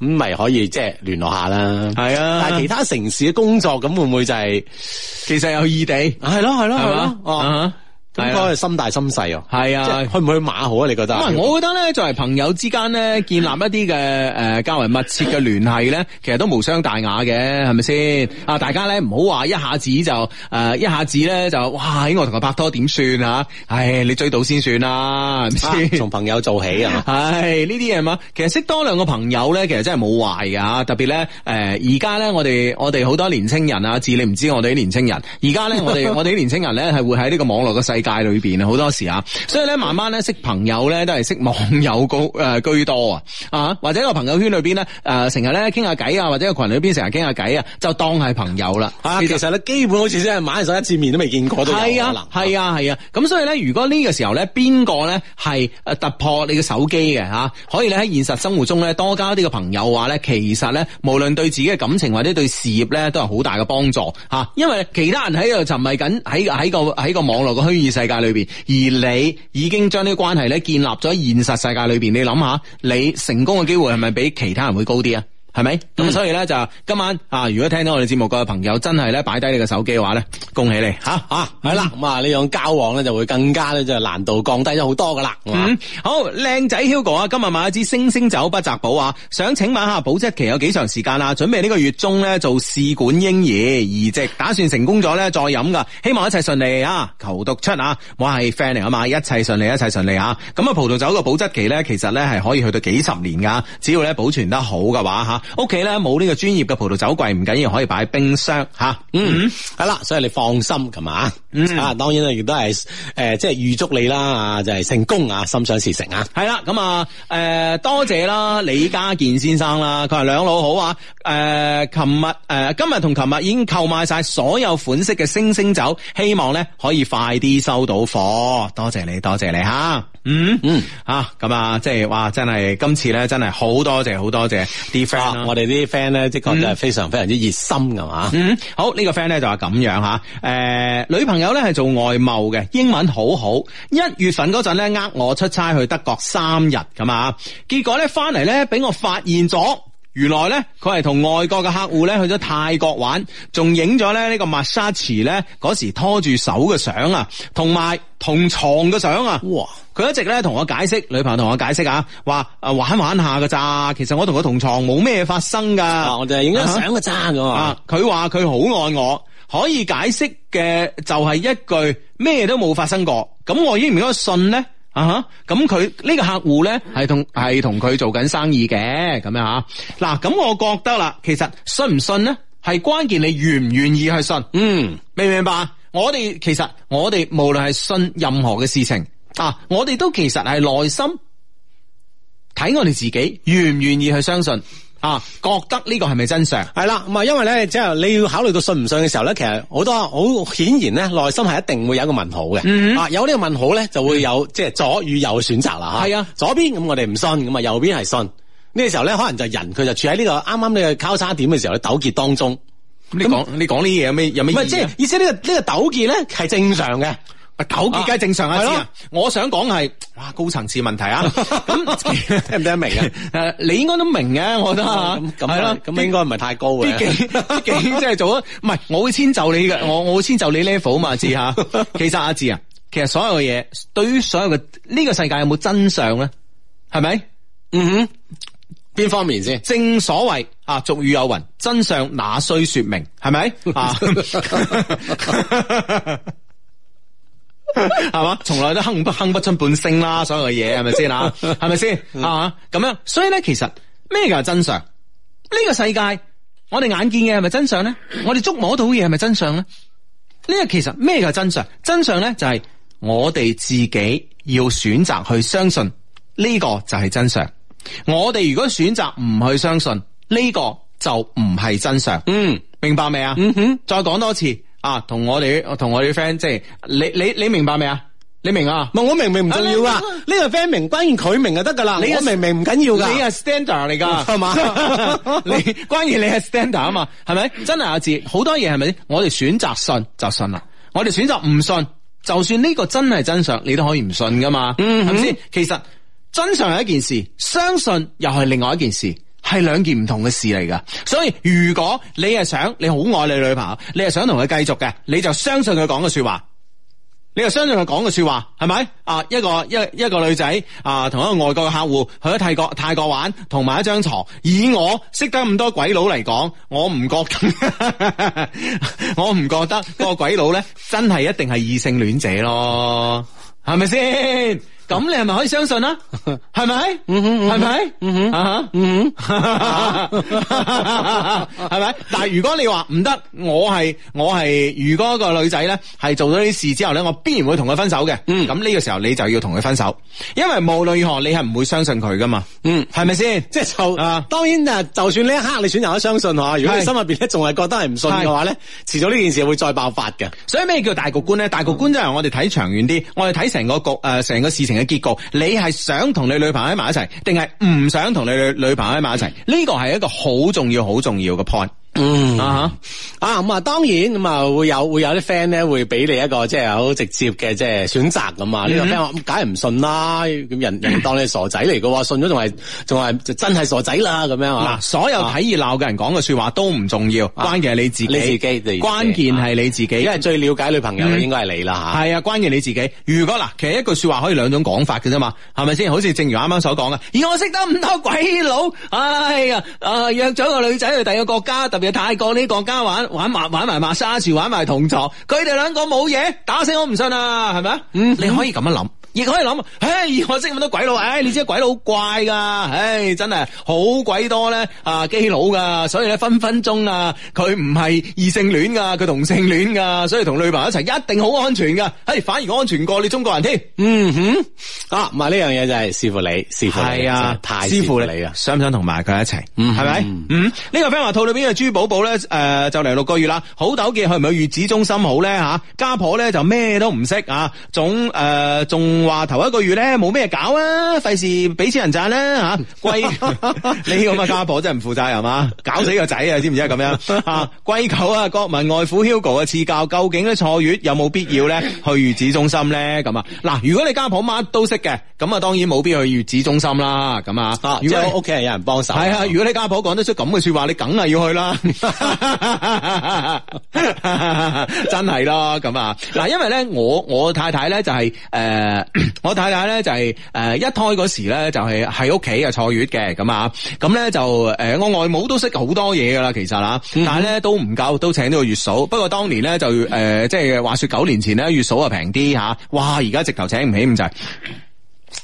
樣，咁咪可以即係聯絡下啦。係啊，但係其他城市嘅工作，咁會唔會就係、是、其實有異地？係 咯、啊，係咯、啊，係咯、啊，哦、啊。係咯，心大心細啊，係啊，去唔去馬好啊？你覺得？我覺得咧，作為朋友之間咧，建立一啲嘅誒較為密切嘅聯繫咧，其實都無傷大雅嘅，係咪先？啊，大家咧唔好話一下子就誒、呃，一下子咧就哇，喺我同佢拍拖點算嚇？唉，你追到先算啦、啊，係咪先？從朋友做起啊！係呢啲嘢嘛，其實識多兩個朋友咧，其實真係冇壞嘅嚇。特別咧誒，而家咧我哋我哋好多年青人啊，自你唔知我哋啲年青人，而家咧我哋我哋啲年青人咧係會喺呢個網絡嘅世界裏邊啊，好多時啊，啊，啊，啊，啊，啊，所以咧慢慢咧識朋友咧都係識網友高誒居多啊啊，或者個朋友圈裏邊咧誒成日咧傾下偈啊，或者個群裏邊成日傾下偈啊，就當係朋友啦啊。其實咧基本好似真係買手一次面都未見過都係啊，係啊係啊。咁所以咧，如果呢個時候咧，邊個咧係誒突破你嘅手機嘅吓，可以咧喺現實生活中咧多交啲嘅朋友話咧，其實咧無論對自己嘅感情或者對事業咧都有好大嘅幫助吓，啊，因為其他人喺度沉迷緊喺喺個喺個網絡嘅虛擬世界裏邊，而你已經將啲關係咧建立咗現實世界裏邊。你諗下，你成功嘅機會係咪比其他人會高啲啊？係咪咁？嗯、所以咧就今晚啊，如果聽到我哋節目各位朋友真係咧擺低你嘅手機嘅話咧，恭喜你吓吓係啦。咁、嗯、啊，呢樣交往，咧就會更加咧就難度降低咗好多噶啦。嗯，好靚仔，Hugo 啊，今日買一支星星酒不擇保啊，想請問下保質期有幾長時間啊？準備呢個月中咧做試管嬰兒移植，打算成功咗咧再飲噶，希望一切順利啊！求讀出啊！我係 Fan 嚟,啊嘛，一切順利，一切順利，一切順利啊！咁啊，葡萄酒嘅保質期咧其實咧係可以去到幾十年噶，只要咧保存得好嘅話吓。啊屋企咧冇呢個專業嘅葡萄酒櫃，唔緊要，可以擺喺冰箱吓。嗯，係啦，所以你放心咁啊。嗯，啊，當然啊，亦都係誒，即係預祝你啦啊，就係成功啊，心想事成啊。係啦，咁啊，誒，多謝啦，李家健先生啦，佢話兩老好啊。誒、呃，琴日誒，今日同琴日已經購買晒所有款式嘅星星酒，希望咧可以快啲收到貨。多謝你，多謝你吓。嗯嗯吓，咁啊，即係、啊、哇，真係今次咧真係好多謝好多謝啲 friend、啊、我哋啲 friend 咧，的確真係非常、嗯、非常之熱心噶嘛。嗯，嗯，好，這個、呢個 friend 咧就係、是、咁樣吓、啊，誒、呃，女朋友咧係做外貿嘅，英文好好。一月份嗰陣咧，呃我出差去德國三日咁啊，結果咧翻嚟咧俾我發現咗。原來咧，佢係同外國嘅客戶咧去咗泰國玩，仲影咗咧呢個馬殺雞咧嗰時拖住手嘅相啊，同埋同床嘅相啊。哇！佢一直咧同我解釋，女朋友同我解釋啊，話誒玩玩下㗎咋，其實我同佢同床冇咩嘢發生噶、啊，我就係影張相嘅咋咁啊。佢話佢好愛我，可以解釋嘅就係一句咩都冇發生過，咁我應唔應該信呢？啊，咁佢呢個客戶咧，係同係同佢做緊生意嘅咁樣吓。嗱，咁我覺得啦，其實信唔信咧，係關鍵，你願唔願意去信。嗯，明唔明白？我哋其實我哋無論係信任何嘅事情啊，我哋都其實係內心睇我哋自己願唔願意去相信。啊，覺得呢個係咪真相？係啦，咁啊，因為咧，即係你要考慮到信唔信嘅時候咧，其實好多好顯然咧，內心係一定會有一個問號嘅、mm-hmm. 啊。有呢個問號咧，就會有、mm-hmm. 即係左與右嘅選擇啦。吓、啊，係啊，左邊咁我哋唔信，咁啊，右邊係信。呢個時候咧，可能就人佢就處喺呢個啱啱呢個交叉點嘅時候喺糾結當中。你講你講呢嘢，有咩有咩意思？唔係即係，而且呢個呢個糾結咧係正常嘅。啊，糾結梗正常，阿志啊！我想講係，哇，高層次問題啊，咁 聽唔聽得明啊？誒， 你應該都明嘅、啊，我覺得咁係咁應該唔係太高嘅、啊。啲幾，啲幾， 即係做咗，唔係，我會遷就你嘅，我我會遷就你 level 啊嘛，阿志 吓、啊。其實阿志啊，其實所有嘅嘢，對於所有嘅呢、這個世界有冇真相咧？係咪？嗯哼，邊方面先？正所謂啊，俗語有云：真相哪需說明？係咪啊？ 係 嘛？從來都哼不哼不出半聲啦，所有嘅嘢係咪先啊？係咪先啊？咁 樣，所以咧，其實咩叫真相？呢、這個世界，我哋眼見嘅係咪真相咧？我哋捉摸到嘢係咪真相咧？呢、這個其實咩叫真相？真相咧就係我哋自己要選擇去相信呢、這個就係真相。我哋如果選擇唔去相信呢、這個就唔係真相。嗯，明白未啊？嗯哼，再講多次。啊，同我哋，我同我啲 friend，即係你，你你明白未啊？你明啊？問我明唔明唔重要啊？呢個 friend 明，關鍵佢明就得噶啦。我明明唔緊要噶，你係、這個、standard 嚟噶，係、嗯、 嘛？你關鍵你係 standard 啊嘛？係咪？真係阿志，好多嘢係咪？我哋選擇信就信啦，我哋選擇唔信，就算呢個真係真相，你都可以唔信噶嘛？係咪先？其實真相係一件事，相信又係另外一件事。係兩件唔同嘅事嚟噶，所以如果你係想，你好愛你女朋友，你係想同佢繼續嘅，你就相信佢講嘅說話，你就相信佢講嘅說話，係咪啊？一個一一個女仔啊，同一個外國嘅客戶去咗泰國泰國玩，同埋一張床。以我識得咁多鬼佬嚟講，我唔覺得， 我唔覺得個鬼佬咧，真係一定係異性戀者咯，係咪先？咁你係咪可以相信啊？係咪？嗯哼，係咪？嗯哼，嗯哼，係咪、嗯嗯 啊 啊？ 但係如果你話唔得，我係我係如果個女仔咧，係做咗啲事之後咧，我必然會同佢分手嘅。嗯，咁呢個時候你就要同佢分手，因為無論如何你係唔會相信佢噶嘛。嗯，係咪先？即係就啊，當然啊，就算呢一刻你選擇都相信吓，如果你心入邊咧仲係覺得係唔信嘅話咧，遲早呢件事會再爆發嘅。所以咩叫大局觀咧？大局觀即係我哋睇長遠啲，我哋睇成個局誒，成、呃、個事情。嘅結局，你係想同你女朋友喺埋一齊定係唔想同你女女朋友喺埋一齊，呢個係一個好重要、好重要嘅 point。嗯、uh-huh. 啊，吓啊咁啊當然咁啊會有會有啲 friend 咧會俾你一個即係好直接嘅即係選擇咁啊，呢、mm-hmm. 個咩話？梗係唔信啦，咁人人當你係傻仔嚟喎，信咗仲係，仲係就真係傻仔啦，咁樣啊！嗱，所有睇熱鬧嘅人講嘅說話都唔重要，啊、關鍵係你自己你自己，你自己，關鍵係你自己，因、啊、為最了解女朋友嘅應該係你啦吓。係、嗯、啊，啊，關鍵你自己。如果嗱，其實一句說話可以兩種講法嘅啫嘛，係咪先？好似正如啱啱所講啦，而我識得咁多鬼佬，哎呀啊約咗個女仔去第二個國家，特別。泰國呢啲國家玩玩埋玩埋 massage 玩埋同床，佢哋兩個冇嘢，打死我唔信啊，係咪啊？嗯，你可以咁樣諗。亦可以諗，唉、哎，我識咁多鬼佬，唉、哎，你知鬼佬好怪噶，唉、哎，真係好鬼多咧，啊，基佬噶，所以咧分分鐘啊，佢唔係異性戀噶，佢同性戀噶，所以同女朋友一齊一定好安全噶，唉、哎，反而安全過你中國人添，嗯哼，啊，唔係呢樣嘢就係視乎你，視乎你，係啊，太視、就、乎、是、你啊，想唔想同埋佢一齊，係咪？嗯，呢、嗯嗯這個 friend 話套裏邊嘅豬寶寶咧，誒、呃，就嚟六個月啦，好糾結去唔去月子中心好咧吓、啊，家婆咧就咩都唔識啊，總誒仲。呃話頭一個月咧冇咩搞啊，費事俾錢人賺啦吓，龜、啊、 你咁 嘅嗎 家婆真係唔負責任嘛、啊，搞死個仔啊，知唔知咁樣？ 啊，龜狗啊，國民外父 Hugo 嘅賜教，究竟咧坐月有冇必要咧去月子中心咧？咁啊，嗱，如果你家婆乜都識嘅，咁啊，當然冇必要去月子中心啦。咁啊，如果屋企人有人幫手、啊，係啊，如果你家婆講得出咁嘅說話，你梗係要去啦。 啊、真係咯，咁啊，嗱，因為咧，我我太太咧就係、是、誒。呃我太太咧就係誒一胎嗰時咧就係喺屋企啊坐月嘅，咁啊，咁咧就誒我外母都識好多嘢噶啦其實啦，但係咧都唔夠，都請到個月嫂。不過當年咧就誒即係話說九年前咧，月嫂啊平啲吓，哇而家直頭請唔起咁滯。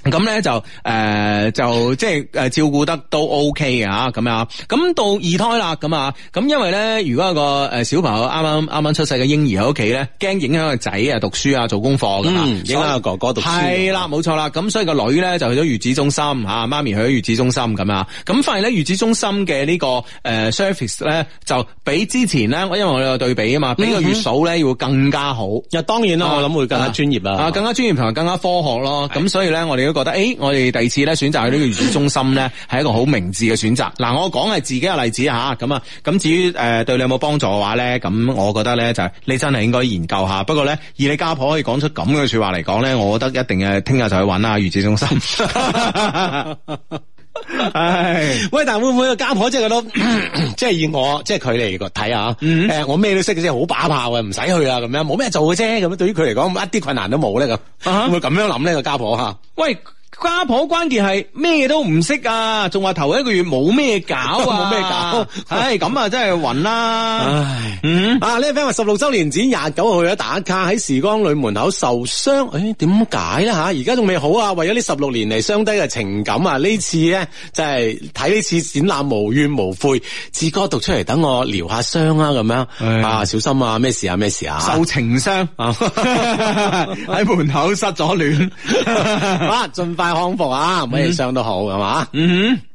咁咧就誒、呃、就即係誒照顧得都 OK 㗎。吓咁樣，咁到二胎啦咁啊，咁因為咧如果有個誒小朋友啱啱啱啱出世嘅嬰兒喺屋企咧，驚影響個仔啊讀書啊做功課㗎。嗯、影響個哥哥讀書。係啦，冇錯啦，咁所以個女咧就去咗月子中心吓，媽、啊、咪去咗月子中心咁啊，咁發現咧月子中心嘅呢個誒 service 咧就比之前咧，因為我哋有對比啊嘛，呢個月數咧要更加好。嗯、當然啦，我諗會更加專業啦，啊更加專業同埋更加科學咯，咁所以咧。我哋都覺得，誒、哎，我哋第二次咧選擇喺呢個月子中心咧，係一個好明智嘅選擇。嗱，我講係自己嘅例子吓。咁啊，咁至於誒、呃、對你有冇幫助嘅話咧，咁我覺得咧就係、是、你真係應該研究一下。不過咧，以你家婆可以講出咁嘅説話嚟講咧，我覺得一定係，聽日就去揾啊月子中心。 係、 哎、喂，但會唔會個家婆即係覺得咳咳，即、就、係、是、以我即係佢嚟,個睇啊？誒、就是嗯呃，我咩都識嘅啫，好、就是、把炮嘅，唔使去啊，咁樣冇咩做嘅啫。咁對於佢嚟講，一啲困難都冇咧咁。會咁樣諗咧、呢個家婆吓、啊？喂！家婆關鍵係咩都唔識啊，仲話頭一個月冇咩搞啊，冇咩搞、啊哎，唉，咁啊真係暈啦，唉，啊呢位 friend 話十六周年展廿九去咗打卡喺時光里門口受傷，誒、哎，點解咧吓？而家仲未好啊？為咗呢十六年嚟傷低嘅情感啊，呢次咧即係睇呢次展覽無怨無悔，志哥讀出嚟等我療下傷啊，咁樣、哎、啊，小心啊，咩事啊，咩事啊？受情傷喺 門口失咗戀， 啊，盡快。康復啊，咩傷都好係嘛？嗯哼。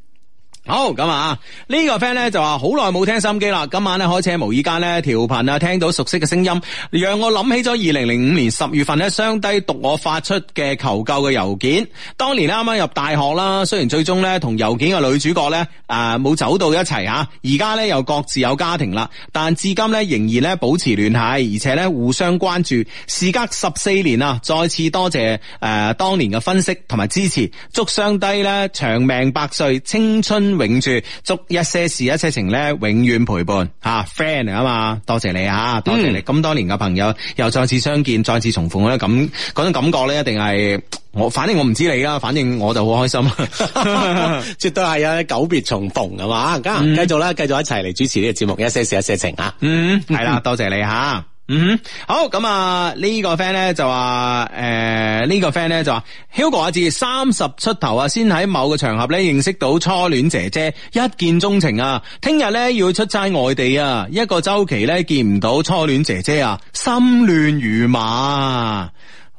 好咁啊！呢個 friend 咧就話好耐冇聽心機啦，今晚咧開始喺無意間咧調頻啊，聽到熟悉嘅聲音，讓我諗起咗二零零五年十月份咧雙低讀我發出嘅求救嘅郵件。當年啱啱入大學啦，雖然最終咧同郵件嘅女主角咧啊冇走到一齊吓，而家咧又各自有家庭啦，但至今咧仍然咧保持聯繫，而且咧互相關注。事隔十四年啊，再次多謝誒當年嘅分析同埋支持，祝雙低咧長命百歲，青春。永住，祝一些事、一些情咧，永遠陪伴啊！friend 啊嘛，多謝你啊，多謝你咁、嗯、多年嘅朋友又再次相見、再次重逢咧，咁嗰種感覺咧，一定係我，反正我唔知你噶，反正我就好開心， 絕對係啊！有久別重逢㗎嘛，咁繼、嗯、續啦，繼續一齊嚟主持呢個節目，一些事、一些情啊，嗯，係啦，多謝你吓。嗯啊嗯，好咁啊！呢、這個 friend 咧就話，誒、呃，呢、這個 friend 咧就話，Hugo 阿志三十出頭啊，先喺某個場合咧認識到初戀姐姐，一見鍾情啊！聽日咧要出差外地啊，一個周期咧見唔到初戀姐姐啊，心亂如麻。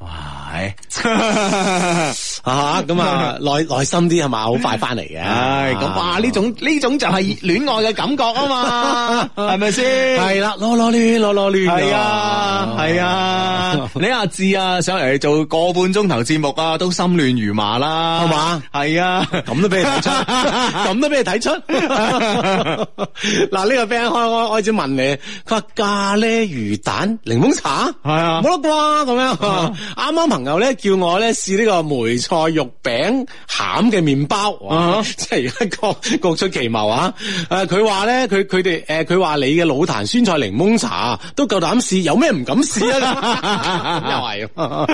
哇，啊咁啊，內、啊啊啊、耐，耐心啲係、哎啊、嘛，好快翻嚟嘅。咁哇，呢種呢種就係戀愛嘅感覺啊嘛，係咪先？係啦，囉囉攣，囉囉攣，係啊，係啊。啊 你阿志啊，上嚟做個半鐘頭節目啊，都心亂如麻啦，係嘛？係啊，咁都俾你睇出，咁都俾你睇出。嗱、 啊，呢、這個病開開開始問你，佢話咖喱魚蛋檸檬茶，係啊，冇得掛咁樣。 啱啱朋友咧叫我咧試呢試個梅菜肉餅餡嘅麵包，即係一個各出奇謀啊！誒、呃，佢話咧佢佢哋誒，佢話、呃、你嘅老壇酸菜檸檬茶都夠膽試，有咩唔敢試啊？ 又係是嗎，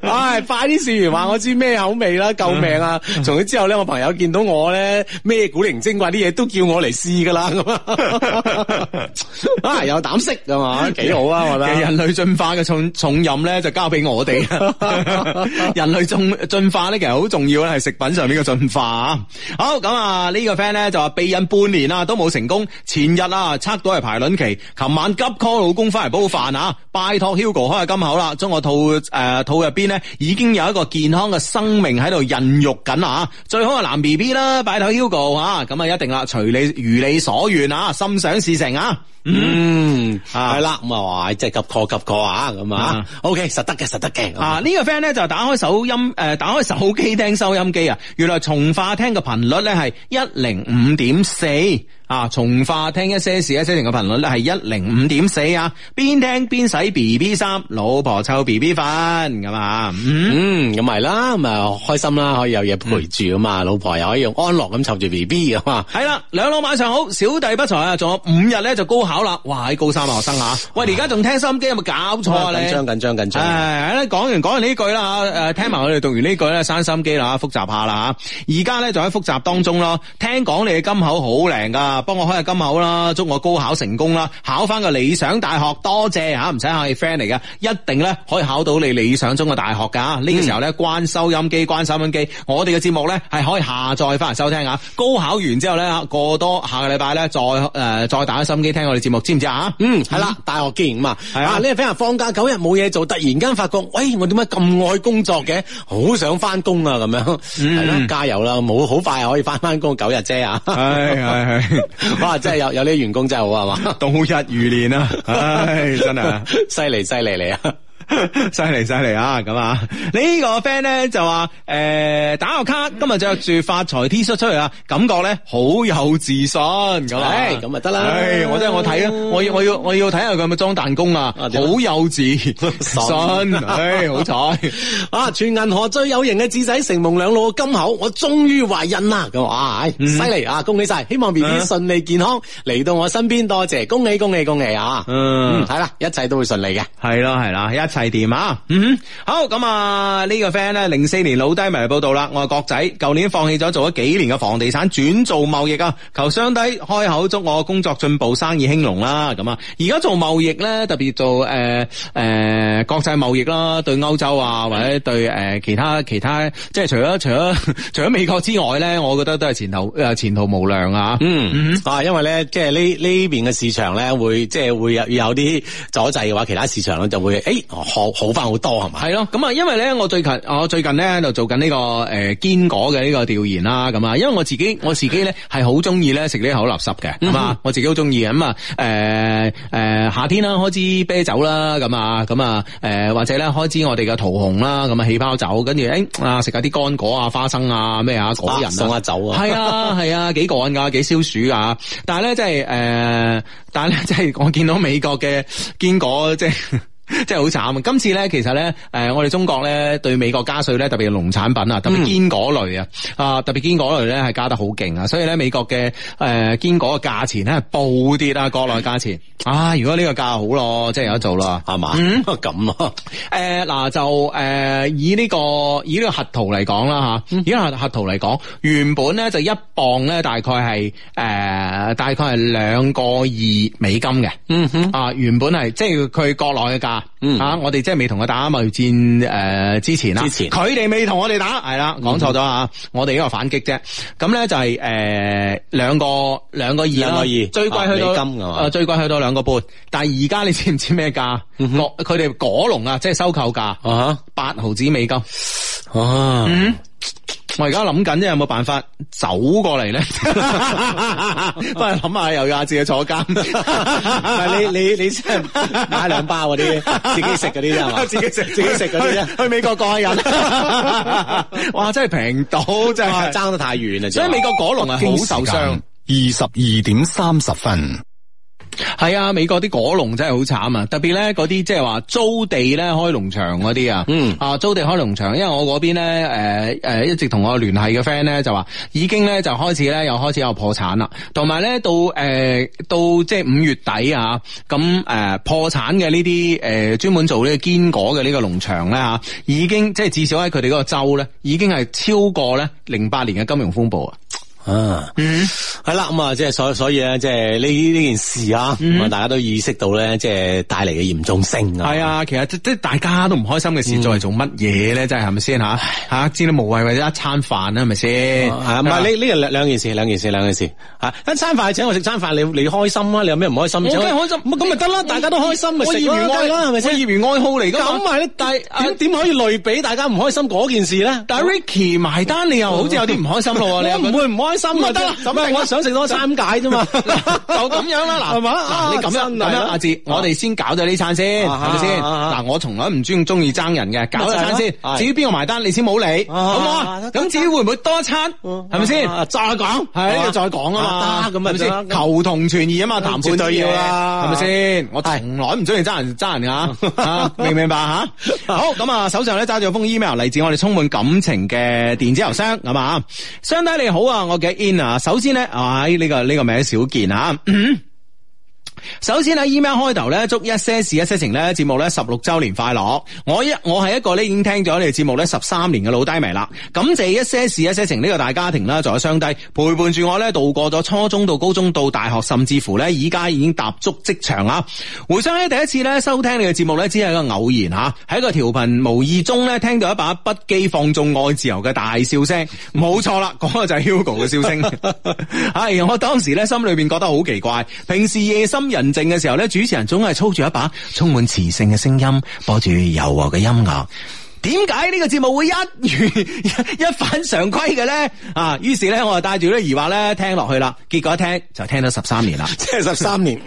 唉 哎，快啲試完話我知咩口味啦！救命啊！從、uh-huh. 此之後咧，我朋友見到我咧咩古靈精怪啲嘢都叫我嚟試噶啦咁啊！有膽識啊嘛，幾好啊！我覺得人類進化嘅重重任咧就交。俾我哋人類進進化咧，其實好重要咧，係食品上面嘅進化啊。好、這、咁、個、啊，呢個 friend 咧就話避孕半年啦，都冇成功。前日啊，測到係排卵期，琴晚急 call 老公翻嚟，煲飯啊，拜託 Hugo 開下金口啦，將我肚誒、呃、肚入邊咧已經有一個健康嘅生命喺度孕育緊啊。最好係男 B B 啦，拜託 Hugo 吓、啊，咁啊一定啦、啊，隨你如你所願啊，心想事成啊！嗯，係啦，咁啊，即係、嗯就是、急錯急錯吓、啊，咁啊，OK，實得嘅，實得嘅啊，啊這個、fan 呢個 friend 咧就打開手音，誒、呃，打開手機聽收音機啊，原來從化聽嘅頻率咧係一零五點四。啊，從化聽一些事，一些情嘅頻率咧係一零五點四啊，邊聽邊洗 B B 衫，老婆湊 B B 瞓咁啊，嗯，咁、嗯、咪、嗯、啦，咁、就、啊、是、開心啦，可以有嘢陪住啊嘛、嗯，老婆又可以用安樂咁湊住 B B 啊嘛，係啦，兩老晚上好，小弟不才啊，仲有五日咧就高考啦，哇，喺高三學、啊、學生吓、啊，喂，而家仲聽心機，有冇搞錯啊你？緊張緊張緊張，誒，講、哎、完講完呢句啦，誒，聽埋我哋讀完呢句咧，刪心機啦，複習下啦吓，而家咧就喺複習當中咯、嗯，聽講你嘅金口好靚噶。幫我開下金口啦，祝我高考成功啦，考翻個理想大學，多謝啊！唔使客氣，friend 嚟㗎！一定咧可以考到你理想中嘅大學噶。呢、嗯呢個時候咧關收音機，關收音機，我哋嘅節目咧係可以下載翻嚟收聽啊。高考完之後咧，過多下個禮拜咧再誒、呃、再打開收音機聽我哋節目，知唔知啊？嗯，係啦、嗯，大學既然嘛、啊，啊呢個 friend 放假九日冇嘢做，突然間發覺，喂，我點解咁愛工作嘅？好想翻工啊！咁樣，係、嗯、啦加油啦，冇好快可以翻翻工九日啫啊！係係係。 哎哎哎哇！ 真係有有啲員工真係好啊係嘛，度日如年啊！唉，真係犀利犀利你啊！ 犀利犀利啊！咁啊，這個、呢個 friend 咧就話誒、欸、打個卡，今日就着住發財 T 恤出去啊，感覺咧好有自信咁。咁咪得啦。我真係我睇啊，我要我要我要睇下佢係咪裝彈弓啊，好有自信。好彩啊、欸欸啊，啊，啊，欸、啊，啊！全銀河最有型嘅智仔，承蒙兩老嘅金口，我終於懷孕啦！咁啊，唉、哎，犀、嗯、利啊！恭喜晒，希望 B B 順利健康嚟、啊、到我身邊，多謝，恭喜恭喜恭喜啊！嗯，係、嗯、啦，一切都會順利嘅。係啦，係啦，齊掂啊！嗯，好。咁啊，這個、呢個 friend 咧，零四年老低咪嚟報道啦。我係國仔，舊年放棄咗做咗幾年嘅房地產，轉做貿易啊！求上帝開口祝我工作進步，生意興隆啦！咁啊，而家、啊、做貿易咧，特別做誒誒、呃呃、國際貿易啦，對歐洲啊，或者對誒、呃、其他其他，即係除咗除咗除咗美國之外咧，我覺得都係前途誒前途無量啊！嗯,嗯，啊，因為咧，即係呢呢邊嘅市場咧，會即係會有有啲阻滯嘅話，其他市場咧就會誒。欸好好翻好多係咪？係咯，咁啊，因為咧，我最近我最近咧喺度做緊、這、呢個誒堅、呃、果嘅呢個調研啦，咁啊，因為我自己我自己咧係好中意咧食呢口垃圾嘅，係嘛，我自己好中意咁啊，誒、嗯、誒、嗯呃呃，夏天啦，開支啤酒啦，咁啊，咁、呃、啊，誒或者咧開支我哋嘅桃紅啦，咁啊氣泡酒，跟住誒啊食下啲乾果啊花生啊咩啊果仁啊，送下酒啊，係啊係啊，幾干噶幾消暑啊，但係咧即係誒，但係咧即係我見到美國嘅堅果即係。即係好慘啊！今次咧，其實咧，誒，我哋中國咧對美國加稅咧，特別係農產品啊，特別堅果類啊，啊，特別堅果類咧係加得好勁啊，所以咧美國嘅誒堅果嘅價錢咧係暴跌啊，國內嘅價錢，啊，如果呢個價好咯，即係有得做啦，係嘛？咁、嗯、 啊，誒，嗱就誒以呢、這個以呢個核桃嚟講啦吓，以個核核桃嚟講，原本咧就一磅咧大概係誒大概係兩個二美金嘅，嗯哼，啊原本係即係佢國內嘅價。嗯，吓、啊、我哋即係未同佢打貿易戰誒之前啦，佢哋未同我哋打係啦，講錯咗我哋依、就是呃、個反擊啫，咁咧就係誒兩個兩個二兩、啊、個二，最貴去到、啊、美金噶最貴去到兩個半，但係而家你知唔知咩價？嗯、佢哋果佢哋果農啊，即係收購價啊，八毫子美金啊。我而家諗緊啫，有冇辦法走過嚟咧？ 不如諗下，又要自己坐監。 你你你真係買兩包嗰啲，自己食嗰啲啫嘛？ 自己食吃 自己食嗰啲啫， 去， 去美國過下癮。 哇！真係平到， 真係爭得太遠啦。 所以美國果農係好受傷。二十二點三十分。係啊，美國啲果農真係好慘啊！特別咧，嗰啲即係話租地咧開農場嗰啲啊，嗯啊租地開農場，、嗯、場，因為我嗰邊咧，誒、呃、誒、呃，一直同我聯繫嘅 friend 咧就話，已經咧就開始咧又開始有破產啦，同埋咧到誒、呃、到即係五月底啊，咁、呃、誒破產嘅呢啲誒專門做呢個堅果嘅呢個農場咧吓、啊，已經即係至少喺佢哋嗰個州咧，已經係超過咧零八年嘅金融風暴啊！啊，係、嗯、啦，咁啊，即係所所以咧，即係呢呢件事啊，嗯、大家都意識到咧，即係帶嚟嘅嚴重性。啊、嗯。係啊，其實即即係大家都唔開心嘅事，再、嗯、做乜嘢咧？真係係咪先吓吓？知、啊、都無謂，或者一餐飯啊，係咪先？啊，唔係呢呢兩件事，兩件事，兩件事吓、啊。一餐飯請我食餐飯，你你開心啊？你有咩唔開心？我梗係開心，咁咪得啦，大家都開心咪。我業餘愛，愛好啦，係咪先？業餘愛好嚟噶，咁係咧。但點點、啊、可以類比大家唔開心嗰件事咧？但 Ricky 埋單，你又好似有啲唔開心咯？ 你唔會唔開？ 又說 心得啦，啊啊啊啊啊啊啊啊，我想食多餐解啫嘛，就咁樣啦，嗱，係嘛，你咁樣咁樣，阿哲，啊，我哋先搞咗呢餐先，係咪先？嗱，我從來唔鍾中意爭人嘅，搞呢餐先。至於邊個埋單，你先冇理，好唔好啊？咁至於會唔會多一餐，係咪先？再講，係呢度再講啊嘛，咁先，求同存異啊嘛，談判最重要啦，係咪先？我從來唔中意爭人，爭人㗎！明唔明白吓？好，咁啊，手上咧揸住封 email，嚟自我哋充滿感情嘅電子郵箱，係啊，兄弟你好啊，我。嘅 in、哎這個這個、啊，首先咧，啊呢個呢個名少見啊。首先喺 email 開頭咧，祝一些事一些情咧節目咧十六周年快樂。我一我係一個咧已經聽咗你哋節目咧十三年嘅老低迷啦，感謝一些事一些情呢、這個大家庭啦，仲有雙低陪伴住我咧度過咗初中到高中到大學，甚至乎咧而家已經踏足職場啦。回想起咧第一次咧收聽你嘅節目咧，只係一個偶然吓，喺一個調頻無意中咧聽到一把不羈放縱愛自由嘅大笑聲，冇錯啦，講、嗰個就係 Hugo 嘅笑聲。係 我當時咧心裏邊覺得好奇怪，平時夜深。人靜嘅時候咧，主持人總係操住一把充滿磁性嘅聲音，播住柔和嘅音樂。點解呢個節目會一如一反常規嘅咧？啊，於是咧我就帶住啲疑惑咧聽落去啦，結果一聽就聽咗、 嗯哎、十三年啦，即係十三年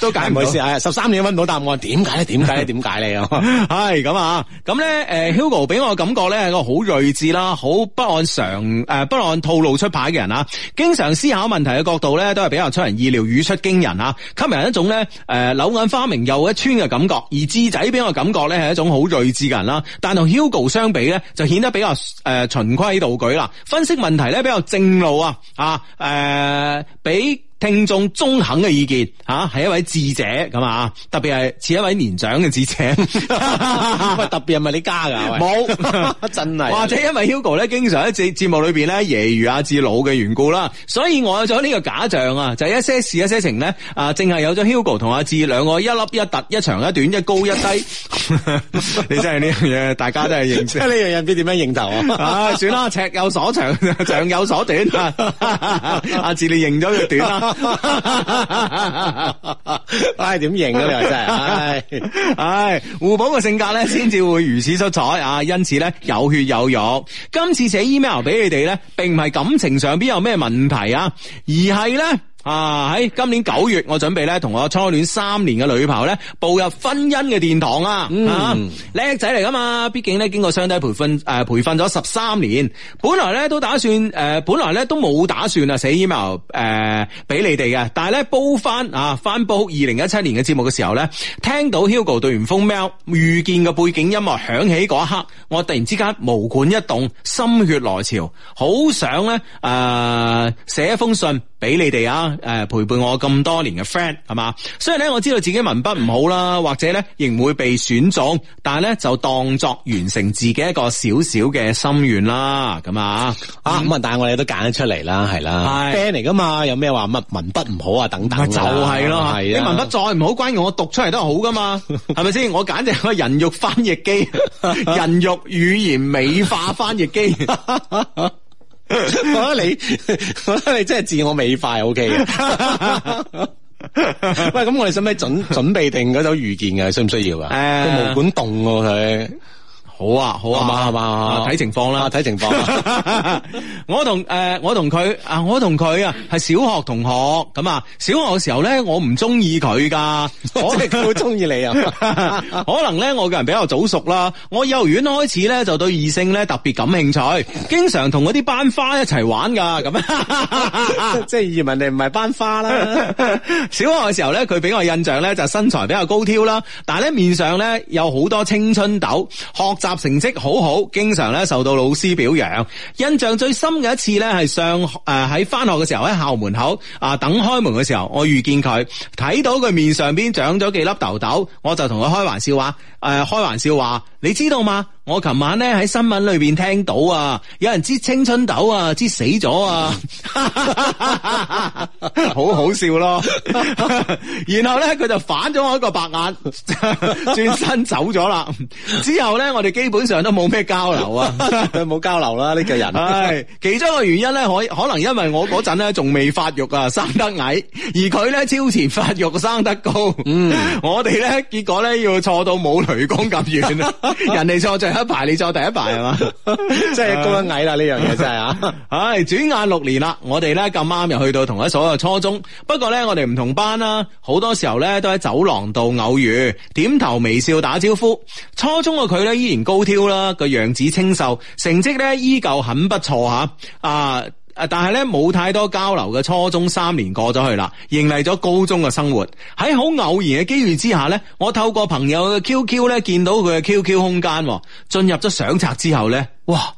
都解唔好意思，係十三年都搵唔到答案，點解咧？點解咧？點解你啊？係咁啊？咁、呃、咧？誒，Hugo 俾我嘅感覺咧係一個好睿智啦，好不按常誒、呃、不按套路出牌嘅人啊，經常思考問題嘅角度咧都係比較出人意料、語出驚人啊，給人一種咧誒、呃、柳暗花明又一村嘅感覺。而智仔俾我嘅感覺咧係一種好睿智嘅人啦、啊，但係 logo 相比咧，就顯得比較誒循規蹈矩啦。分析問題咧，比較正路啊啊。誒、呃，比。聽眾中肯嘅意見，係一位智者咁啊！特別係似一位年長嘅智者，特別係唔係你加㗎？冇，真係或者因為 Hugo 咧，經常喺節節目裏面咧，揶揄阿智佬嘅緣故啦，所以我有咗呢個假象啊，就係、一些事一些情咧，啊，正係有咗 Hugo 同阿智兩個一粒一凸、一長一短、一高一低， 你真係呢樣嘢，大家都係認識。呢樣嘢要點樣認頭啊？ 算啦，尺有所長，長有所短。 阿智你認咗就短啦。唉、 哎，點型啊你真係！唉唉，互補嘅性格咧，先至會如此出彩啊！因此咧，有血有肉。今次寫 email 俾你哋咧，並唔係感情上邊有咩問題啊，而係咧。啊喺今年九月，我準備咧同我初戀三年嘅女朋友咧步入婚姻嘅殿堂啊！叻、嗯啊、仔嚟噶嘛，畢竟咧經過雙低培訓誒、呃，培訓咗十三年，本來咧都打算誒、呃，本來咧都冇打算啊寫 email 誒、呃、俾你哋嘅，但係咧煲翻啊翻煲二零一七年嘅節目嘅時候咧，聽到 Hugo 讀完封 mail，遇見嘅背景音樂響起嗰一刻，我突然之間毛管一動，心血來潮，好想咧誒寫封信。俾你哋啊！誒，陪伴我咁多年嘅 friend 係嘛，所以咧我知道自己文筆唔好啦，或者咧仍會被選中，但係咧就當作完成自己一個小小嘅心願啦，咁啊咁啊！嗯、但係我哋都揀得出嚟啦，係啦，係 friend 嚟噶嘛，有咩話乜文筆唔好啊？等等，就係、是、咯、啊，你文筆再唔好，關於我讀出嚟都係好噶嘛，係咪先？我簡直係個人肉翻譯機，人肉語言美化翻譯機。 我覺得你，我覺得你真係自我美化，OK，喂，咁我哋使唔使準準備定嗰首預見嘅？需唔需要呀無啊？個毛管凍喎，佢。好啊，好啊，係嘛，睇、啊啊啊啊、情況啦，睇、啊、情況、 呃。我同誒，我同佢啊，我同佢啊，係小學同學。咁啊，小學嘅時候咧，我唔中意佢噶，即係佢好中意你啊。 可能咧，我嘅人比較早熟啦。我幼兒園開始咧，就對異性咧特別感興趣，經常同啲班花一齊玩噶。咁， 即係葉文你唔係班花啦。 小學嘅時候咧，佢俾我印象咧就是、身材比較高挑啦，但係咧面上咧有好多青春痘，學習。成績好好，經常咧受到老師表揚。印象最深嘅一次咧，係上誒喺返學嘅時候喺校門口啊等開門嘅時候，我遇見佢，睇到佢面上邊長咗幾粒痘痘，我就同佢開玩笑話，誒開玩笑話，你知道嗎？我琴晚咧喺新聞裏邊聽到啊，有人擠青春痘啊擠死咗啊，啊， 好好笑咯。 然後咧佢就反咗我一個白眼，轉 身走咗啦。 之後咧我哋基本上都冇咩交流啊，冇 交流啦呢，呢個人。係 其中一個原因咧，可可能因為我嗰陣咧仲未發育啊，生得矮，而佢咧超前發育，生得高。嗯， 我哋咧結果咧要坐到冇雷公咁遠啊， 人哋坐住。第一排你坐第一排係嘛， 即係 這真係高跟矮啦，呢樣嘢真係啊！唉， 轉眼六年啦，我哋咧咁啱又去到同一所嘅初中，不過咧我哋唔同班啦，好多時候咧都喺走廊度偶遇，點頭微笑打招呼。初中嘅佢咧依然高挑啦，個樣子清秀，成績咧依舊很不錯吓啊！啊！但係咧冇太多交流嘅初中三年過咗去啦，迎嚟咗高中嘅生活。喺好偶然嘅機遇之下咧，我透過朋友嘅 QQ 咧見到佢嘅 QQ 空間，進入咗相冊之後咧，哇！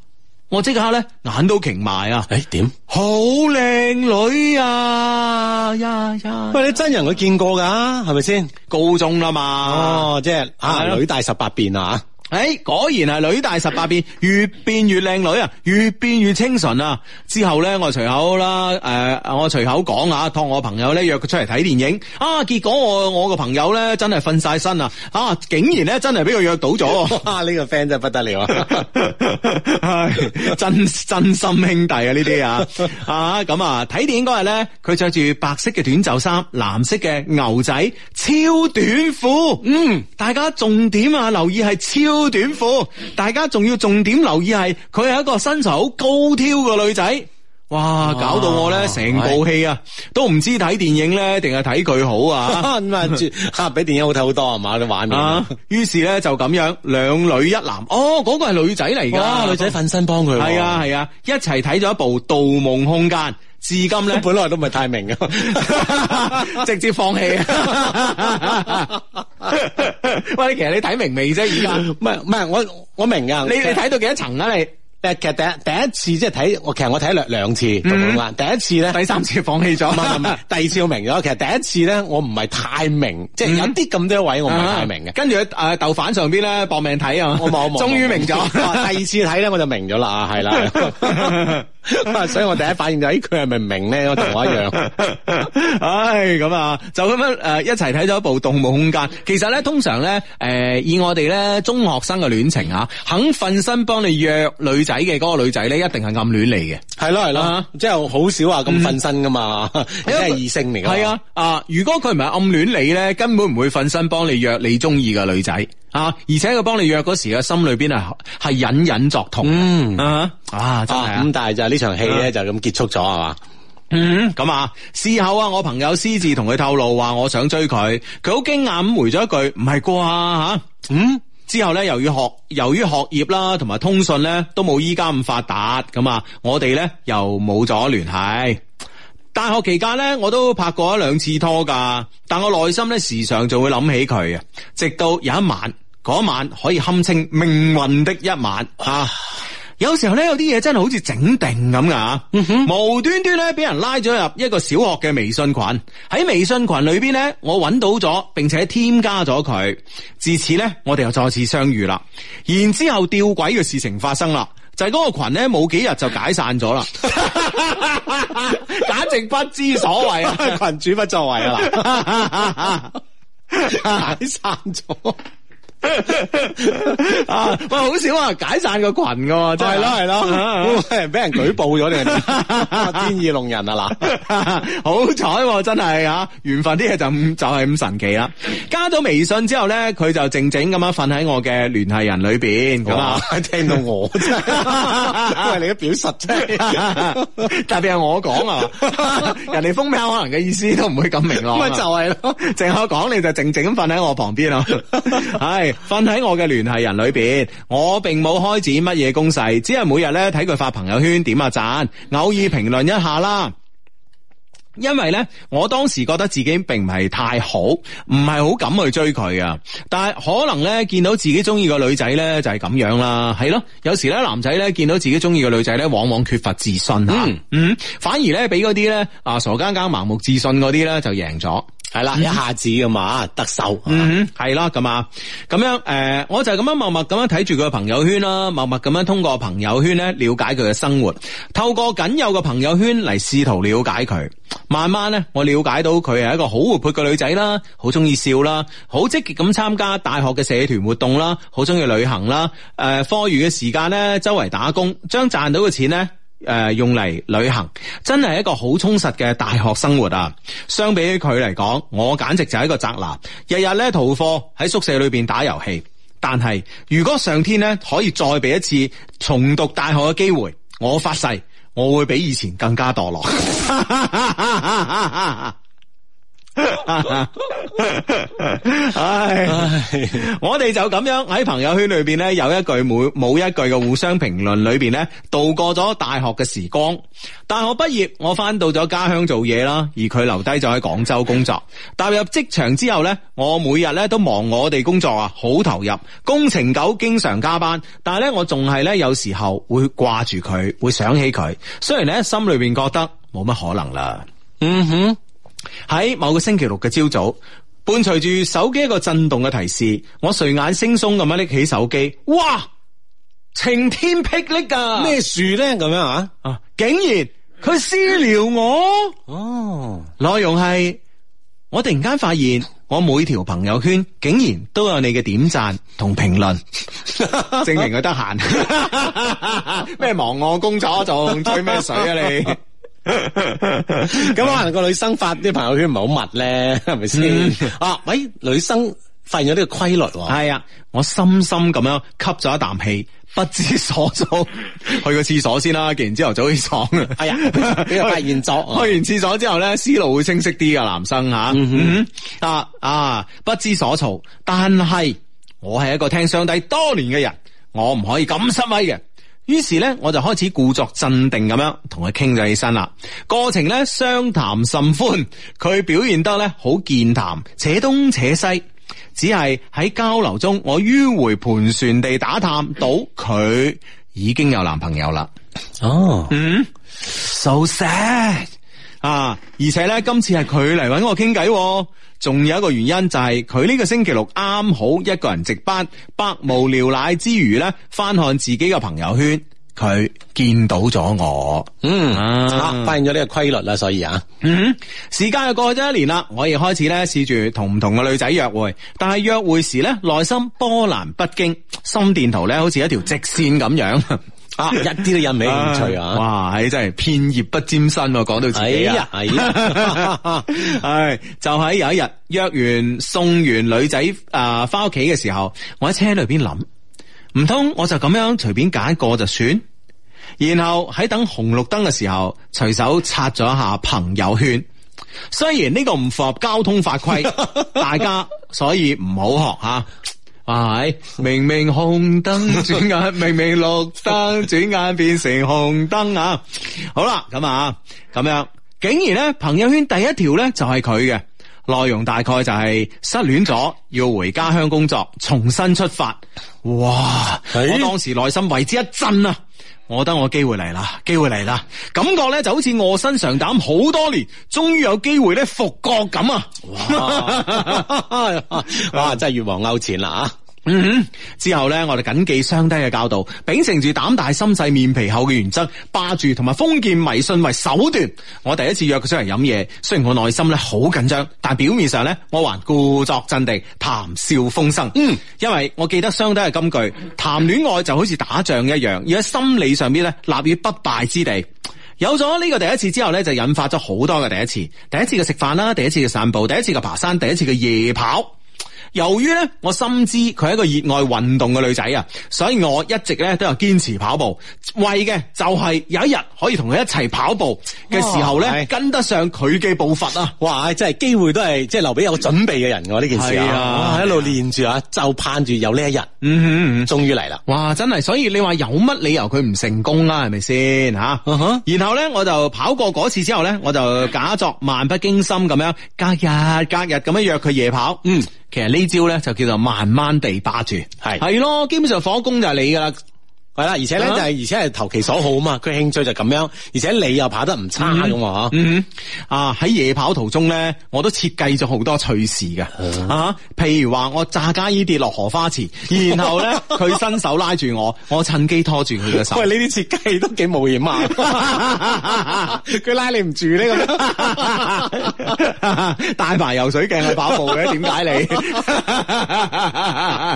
我即刻咧眼都擎埋啊！誒、欸，點？好靚女啊！呀呀！喂，你真人佢見過噶，係咪先？高中啦嘛，哦，即係啊，啊即係、女大十八變啊！誒，果然係、啊、女大十八變，越變越靚女啊，越變越清純啊！之後咧，我隨口啦，誒、呃，我隨口講啊，託我朋友咧約佢出嚟睇電影啊！結果我我個朋友咧真係瞓晒身啊！啊，竟然咧真係俾佢約到咗，啊呢個 friend 真係不得了，係、這個、 真 真，真心兄弟啊！呢啲啊啊咁啊，睇、啊啊、電影日咧，佢着住白色嘅短袖衫、藍色嘅牛仔超短褲，嗯，大家重點啊留意係超。短褲，大家仲要重點留意係，佢係一個身材好高挑嘅女仔，哇！搞到我咧成部戲啊，都唔知睇電影咧定係睇佢好啊，咁啊，比電影好睇好多係嘛你玩完。啊，於是咧就咁樣，兩女一男，哦，嗰個係女仔嚟噶，女仔瞓身幫佢，係啊係啊，一齊睇咗一部《盜夢空間》。至今咧，本來都唔係太明嘅， 直接放棄。 喂，其實你睇明未啫？而家唔係唔係，我我明㗎。你你睇到幾多層啊？你，你其實第一第一次即係睇，我其實我睇兩兩次同你、嗯、第一次咧，第三次放棄咗。唔 第二次我明咗。其實第一次咧，我唔係太明、嗯，即係有啲咁多位我唔係太明嘅。跟住喺豆瓣上邊咧搏命睇啊！ 我冇冇，終於明咗。 第二次睇咧，我就明咗啦 啊，係啦。 啊！ 所以我第一反應就，咦、欸？佢係咪唔明咧？我同我一樣。唉，咁啊，就咁樣誒，一齊睇咗一部《動物空間》。其實咧，通常咧，誒、呃，以我哋咧中學生嘅戀情吓，肯瞓身幫你約女仔嘅嗰個女仔咧，一定係暗戀你嘅。係咯係咯，即係好少話咁瞓身噶嘛，即係異性嚟嘅。係啊啊！如果佢唔係暗戀你咧，根本唔會瞓身幫你約你中意嘅女仔。啊！而且佢幫你約嗰時嘅心裏邊、嗯、啊，係隱隱作痛。嗯啊啊，真係咁、啊啊，但係就係呢場戲咧，就咁結束咗係嘛。嗯咁、嗯、啊，事後啊，我朋友私自同佢透露話我想追佢，佢好驚訝咁回咗一句唔係啩吓？嗯，之後咧，由於學由於學業啦，同埋通訊咧都冇依家咁發達，咁啊，我哋咧又冇咗聯繫。大學期間咧，我都拍過一兩次拖㗎，但我內心咧時常就會諗起佢啊，直到有一晚。嗰晚可以堪稱命運的一晚啊！有時候咧，有啲嘢真係好似整定咁噶吓，無端端咧俾人拉咗入一個小學嘅微信群。喺微信群裏邊咧，我揾到咗，並且添加咗佢。自此咧，我哋又再次相遇啦。然之後吊詭嘅事情發生啦，就係、是、嗰個群咧冇幾日就解散咗啦， 簡直不知所謂 群主不作為啊！ 解散咗。 啊！喂好少啊解散個群噶，係咯係咯，俾、啊啊、人舉報咗 你、啊，天意弄人啊嗱！好彩真係啊，緣、啊啊、分啲嘢就就係、是、咁神奇啦。加咗微信之後咧，佢就靜靜咁樣瞓喺我嘅聯繫人裏邊，聽到我真係、 啊啊、你嘅表述啫係，特別係我講啊， 人哋封咪可能嘅意思都唔會咁明朗、啊。咪 就係咯、啊，淨係講你就靜靜咁瞓喺我旁邊啊，係、 啊。哎瞓喺我嘅聯繫人裏邊，我並冇開展乜嘢攻勢，只係每日咧睇佢發朋友圈點呀讚，偶爾評論一下啦。因為咧，我當時覺得自己並唔係太好，唔係好敢去追佢啊。但係可能咧，見到自己中意個女仔咧，就係咁樣啦。係咯，有時咧男仔咧見到自己中意嘅女仔咧，往往缺乏自信啊嗯，嗯，反而咧俾嗰啲咧啊傻更更盲目自信嗰啲咧就贏咗。係啦，一下子咁嘛，特首，係啦咁啊，咁樣誒、呃，我就咁樣默默咁樣睇住佢嘅朋友圈啦，默默咁樣通過朋友圈咧了解佢嘅生活，透過僅有嘅朋友圈嚟試圖了解佢。慢慢咧，我了解到佢係一個好活潑嘅女仔啦，好中意笑啦，好積極咁參加大學嘅社團活動啦，好中意旅行啦。誒、呃，課餘嘅時間咧，周圍打工，將賺到嘅錢咧。誒、呃，用嚟旅行真係一個好充實嘅大學生活啊！相比起佢嚟講，我簡直就係一個宅男，日日咧逃課喺宿舍裏邊打遊戲。但係如果上天咧可以再俾一次重讀大學嘅機會，我發誓我會比以前更加墮落。 我哋就咁樣喺朋友圈裏邊呢，有一句冇冇一句嘅互相評論裏邊呢，度過咗大學嘅時光。大學畢業，我翻到咗家鄉做嘢啦，而佢留低咗喺廣州工作。踏入職場之後呢，我每日呢都忙我哋工作啊，好投入。工程狗經常加班，但係呢，我仲係呢，有時候會掛住佢，會想起佢。雖然呢，心裏邊覺得冇乜可能啦。嗯哼。喺某個星期六嘅朝早，伴隨住手機一個震動嘅提示，我睡眼惺忪咁樣拎起手機，哇！晴天霹靂啊！咩樹咧咁樣啊？啊！竟然佢私聊我哦，內容係我突然間發現，我每條朋友圈竟然都有你嘅點讚同評論， 證明佢得閒。咩 忙我工作仲吹咩水啊你？ 咁可能個女生發啲朋友圈唔係好密咧，係咪先？啊，喂、哎，女生發現咗呢個規律，係啊，我深深咁樣吸咗一啖氣，不知所措， 去個廁所先啦。既然之後就好爽。係、哎、俾，發現咗， 去完廁所之後咧，思路會清晰啲嘅，男生吓。啊、嗯、啊，啊，不知所措，但係我係一個聽上帝多年嘅人，我唔可以咁失威嘅。於是咧，我就開始故作鎮定咁樣同佢傾咗起身啦。過程咧，相談甚歡，佢表現得咧好健談，扯東扯西。只係喺交流中，我迂迴盤旋地打探到佢已經有男朋友啦。哦，嗯，so sad 啊！而且咧，今次係佢嚟搵我傾偈喎。仲有一個原因就係佢呢個星期六啱好一個人值班，百無聊賴之餘呢，翻看自己嘅朋友圈，佢見到咗我，嗯，吓、啊啊、發現咗呢個規律啦，所以啊，嗯，時間又過去咗一年啦，我亦開始呢，試住同唔同嘅女仔約會，但係約會時呢，內心波瀾不驚，心電圖呢好似一條直線咁樣。啊，啊！一啲都引唔起興趣啊！哇！唉，你真係片葉不沾身，啊，講到自己啊，係 就喺有一日約完送完女仔啊，翻屋企嘅時候，我喺車裏邊諗，唔通我就咁樣隨便揀一個就算，然後喺等紅綠燈嘅時候，隨手刷咗一下朋友圈。雖然呢個唔符合交通法規， 大家所以唔好學吓。啊係，明明紅燈轉眼，明明綠燈轉眼變成紅燈啊！ 好啦，咁啊，咁樣竟然咧，朋友圈第一條咧就係佢嘅內容，大概就係失戀咗，要回家鄉工作，重新出發。哇！欸、我當時內心為之一震啊！我得我機會嚟啦，機會嚟啦，感覺咧就好似臥薪嘗膽好多年，終於有機會咧復國咁啊！哇， 哇真係越王勾踐啦吓。嗯，之後呢，我哋謹記雙低嘅教導，秉承住膽大心細、面皮厚嘅原則，霸住同埋封建迷信為手段，我第一次約佢出嚟飲嘢。雖然我內心呢好緊張，但表面上呢，我還故作鎮定，談笑風生。嗯，因為我記得雙低嘅金句，談戀愛就好似打仗一樣，要喺心理上邊呢立於不敗之地。有咗呢個第一次之後呢，就引發咗好多嘅第一次，第一次嘅食飯啦，第一次嘅散步，第一次嘅爬山，第一次嘅夜跑。由於咧，我深知佢係一個熱愛運動嘅女仔啊，所以我一直咧都有堅持跑步，為嘅就係有一日可以同佢一齊跑步嘅時候咧、哦，跟得上佢嘅步伐啊！哇，真係機會都係即係留俾有準備嘅人喎。呢件事啊！ 啊啊一路練住啊，就盼住有呢一日，嗯,嗯，終於嚟啦！哇，真係，所以你話有乜理由佢唔成功啦？係咪先吓？啊 uh-huh. 然後咧，我就跑過嗰次之後咧，我就假作漫不經心咁樣，隔日隔日咁樣約佢夜跑，嗯。其實呢招咧就叫做慢慢地霸住，係係咯，基本上火攻就係你噶啦。係啦，而且咧就係，uh-huh. 而且係投其所好啊嘛。佢興趣就咁樣，而且你又跑得唔差咁嘛。Uh-huh. Uh-huh. 啊喺夜跑途中咧，我都設計咗好多趣事噶，uh-huh. 啊。譬如話我炸家衣跌落荷花池，然後咧佢伸手拉住我， 我趁機拖住佢嘅手。喂，呢啲設計都幾冒險啊！佢 拉你唔住呢，這個，帶 埋游水鏡去跑步，點解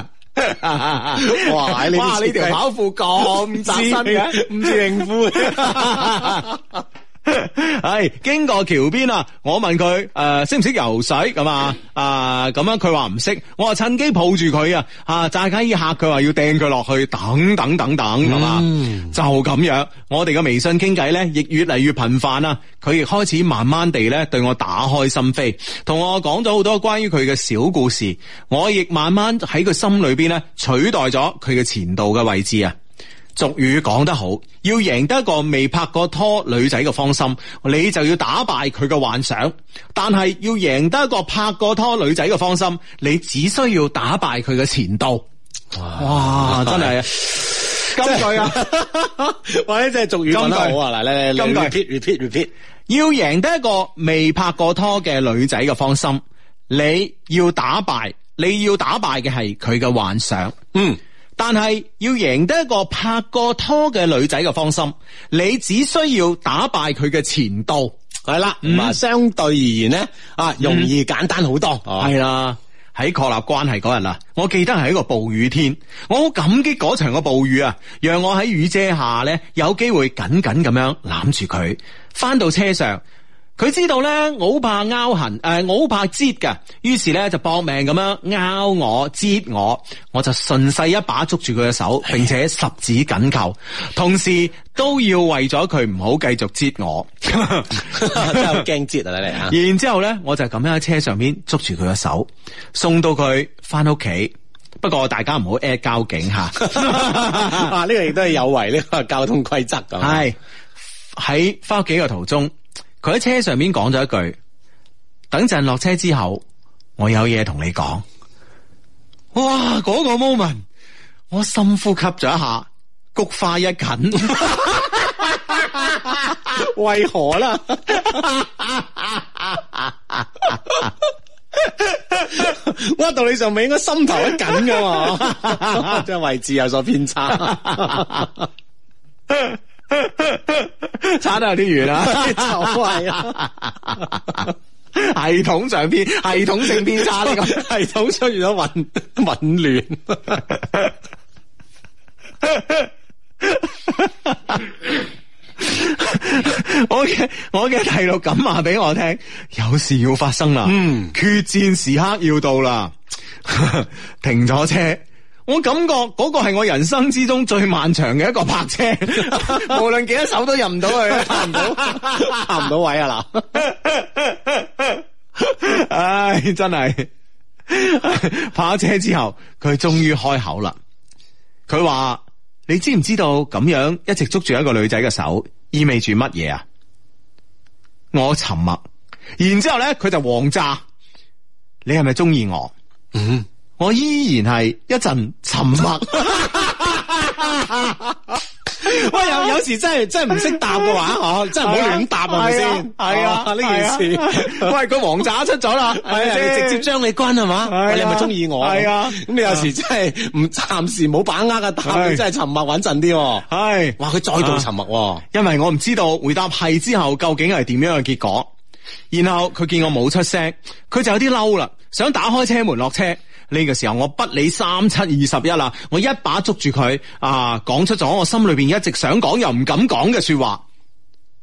你？ 哇，哇！你條跑褲咁窄，就是、身嘅似唔似泳褲？係 經過橋邊啊，我問佢誒，識唔識游水咁啊？啊咁樣佢話唔識，我啊趁機抱住佢啊，啊家緊一下，佢話要掟佢落去，等等等等咁啊，嗯、就咁樣，我哋嘅微信傾偈咧，亦越嚟越頻繁啦。佢亦開始慢慢地咧對我打開心扉，同我講咗好多關於佢嘅小故事，我亦慢慢喺佢心裏邊咧取代咗佢嘅前度嘅位置啊。俗語講得好，要贏得一個未拍過拖女仔嘅芳心，你就要打敗佢嘅幻想；但係要贏得一個拍過拖女仔嘅芳心，你只需要打敗佢嘅前度。哇，哇真係金句啊！就是、 或者即係俗語講得好啊，嗱 r 要贏得一個未拍過拖嘅女仔嘅芳心，你要打敗，你要打敗嘅係佢嘅幻想。嗯。但係要贏得一個拍過拖嘅女仔嘅芳心，你只需要打敗佢嘅前度係啦。啊、嗯，相對而言咧啊、嗯，容易簡單好多。係、嗯、啦，喺確立關係嗰日啊，我記得係一個暴雨天，我好感激嗰場嘅暴雨啊，讓我喺雨遮下咧有機會緊緊咁樣攬住佢，翻到車上。佢知道咧，我好怕拗痕，誒，我好怕摺嘅，於是咧就搏命咁樣拗我、摺我，我就順勢一把捉住佢嘅手，並且十指緊扣，同時都要為咗佢唔好繼續摺我， 真係好驚摺啊你嚟、啊、然之後咧，我就咁樣喺車上邊捉住佢嘅手，送到佢翻屋企。不過大家唔好 at 交警吓，呢、 呢個亦都係有違呢、呢個交通規則噶。係喺翻屋企嘅途中。佢喺車上面講咗一句：等陣落車之後，我有嘢同你講。哇！嗰個 moment，我深呼吸咗一下，菊花一緊， 為何啦了？我 道理上未應該心頭一緊噶嘛？即 係位置有所偏差。 差 得有啲遠啊，係 啊 系統上偏，系統性偏差呢，系統出現咗混混亂。我嘅我嘅第六感話俾我聽， 有事要發生啦，嗯，決戰時刻要到啦， 停咗車。我感覺嗰個係我人生之中最漫長嘅一個泊車， 無論幾多手都入唔到去，入唔到，入唔到位啊嗱！ 唉，真係 泊車之後，佢終於開口啦。佢話：你知唔知道咁樣一直捉住一個女仔嘅手，意味住乜嘢啊？我沉默，然之後咧，佢就王炸。你係咪中意我？嗯。我依然係一陣沉默。喂，有有時真係真係唔識答嘅話，真係唔好亂答啊！咪先，係啊呢件事。喂，個王炸出咗啦，係你直接將你關係嘛？喂、啊啊，你係咪中意我？係啊。咁你有時真係唔暫時冇把握嘅、啊、答，你、啊、真係沉默穩陣啲。係，話佢、啊、再度沉默、啊，因為我唔知道回答係之後究竟係點樣嘅結果。然後佢見我冇出聲，佢就有啲嬲啦，想打開車門落車。呢個時候，我不理三七二十一啦，我一把捉住佢啊，講出咗我心裏邊一直想講又唔敢講嘅說話。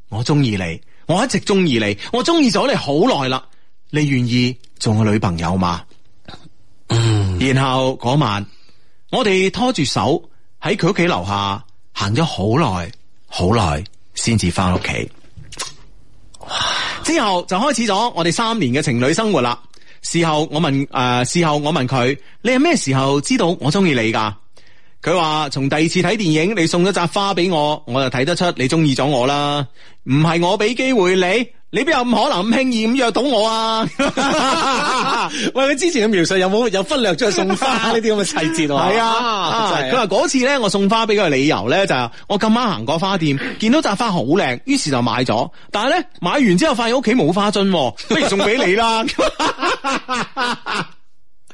我中意你，我一直中意你，我中意咗你好耐啦。你願意做我女朋友嘛？嗯。然後嗰晚，我哋拖住手喺佢屋企樓下行咗好耐，好耐先至翻屋企。之後就開始咗我哋三年嘅情侶生活啦。事後我問誒、呃，事後我問佢，你係咩時候知道我中意你噶？佢話從第二次睇電影，你送咗紮花俾我，我就睇得出你中意咗我啦。唔係我俾機會你。你邊有咁可能咁輕易咁約到我啊？ 喂，佢之前嘅描述有冇有忽略咗送花呢啲咁嘅細節啊？係啊，佢話嗰次咧，我送花俾佢嘅理由咧就係我今晚行過花店，見到紮花好靚，於是就買咗。但係咧買完之後發現屋企冇花樽，不如送俾你啦。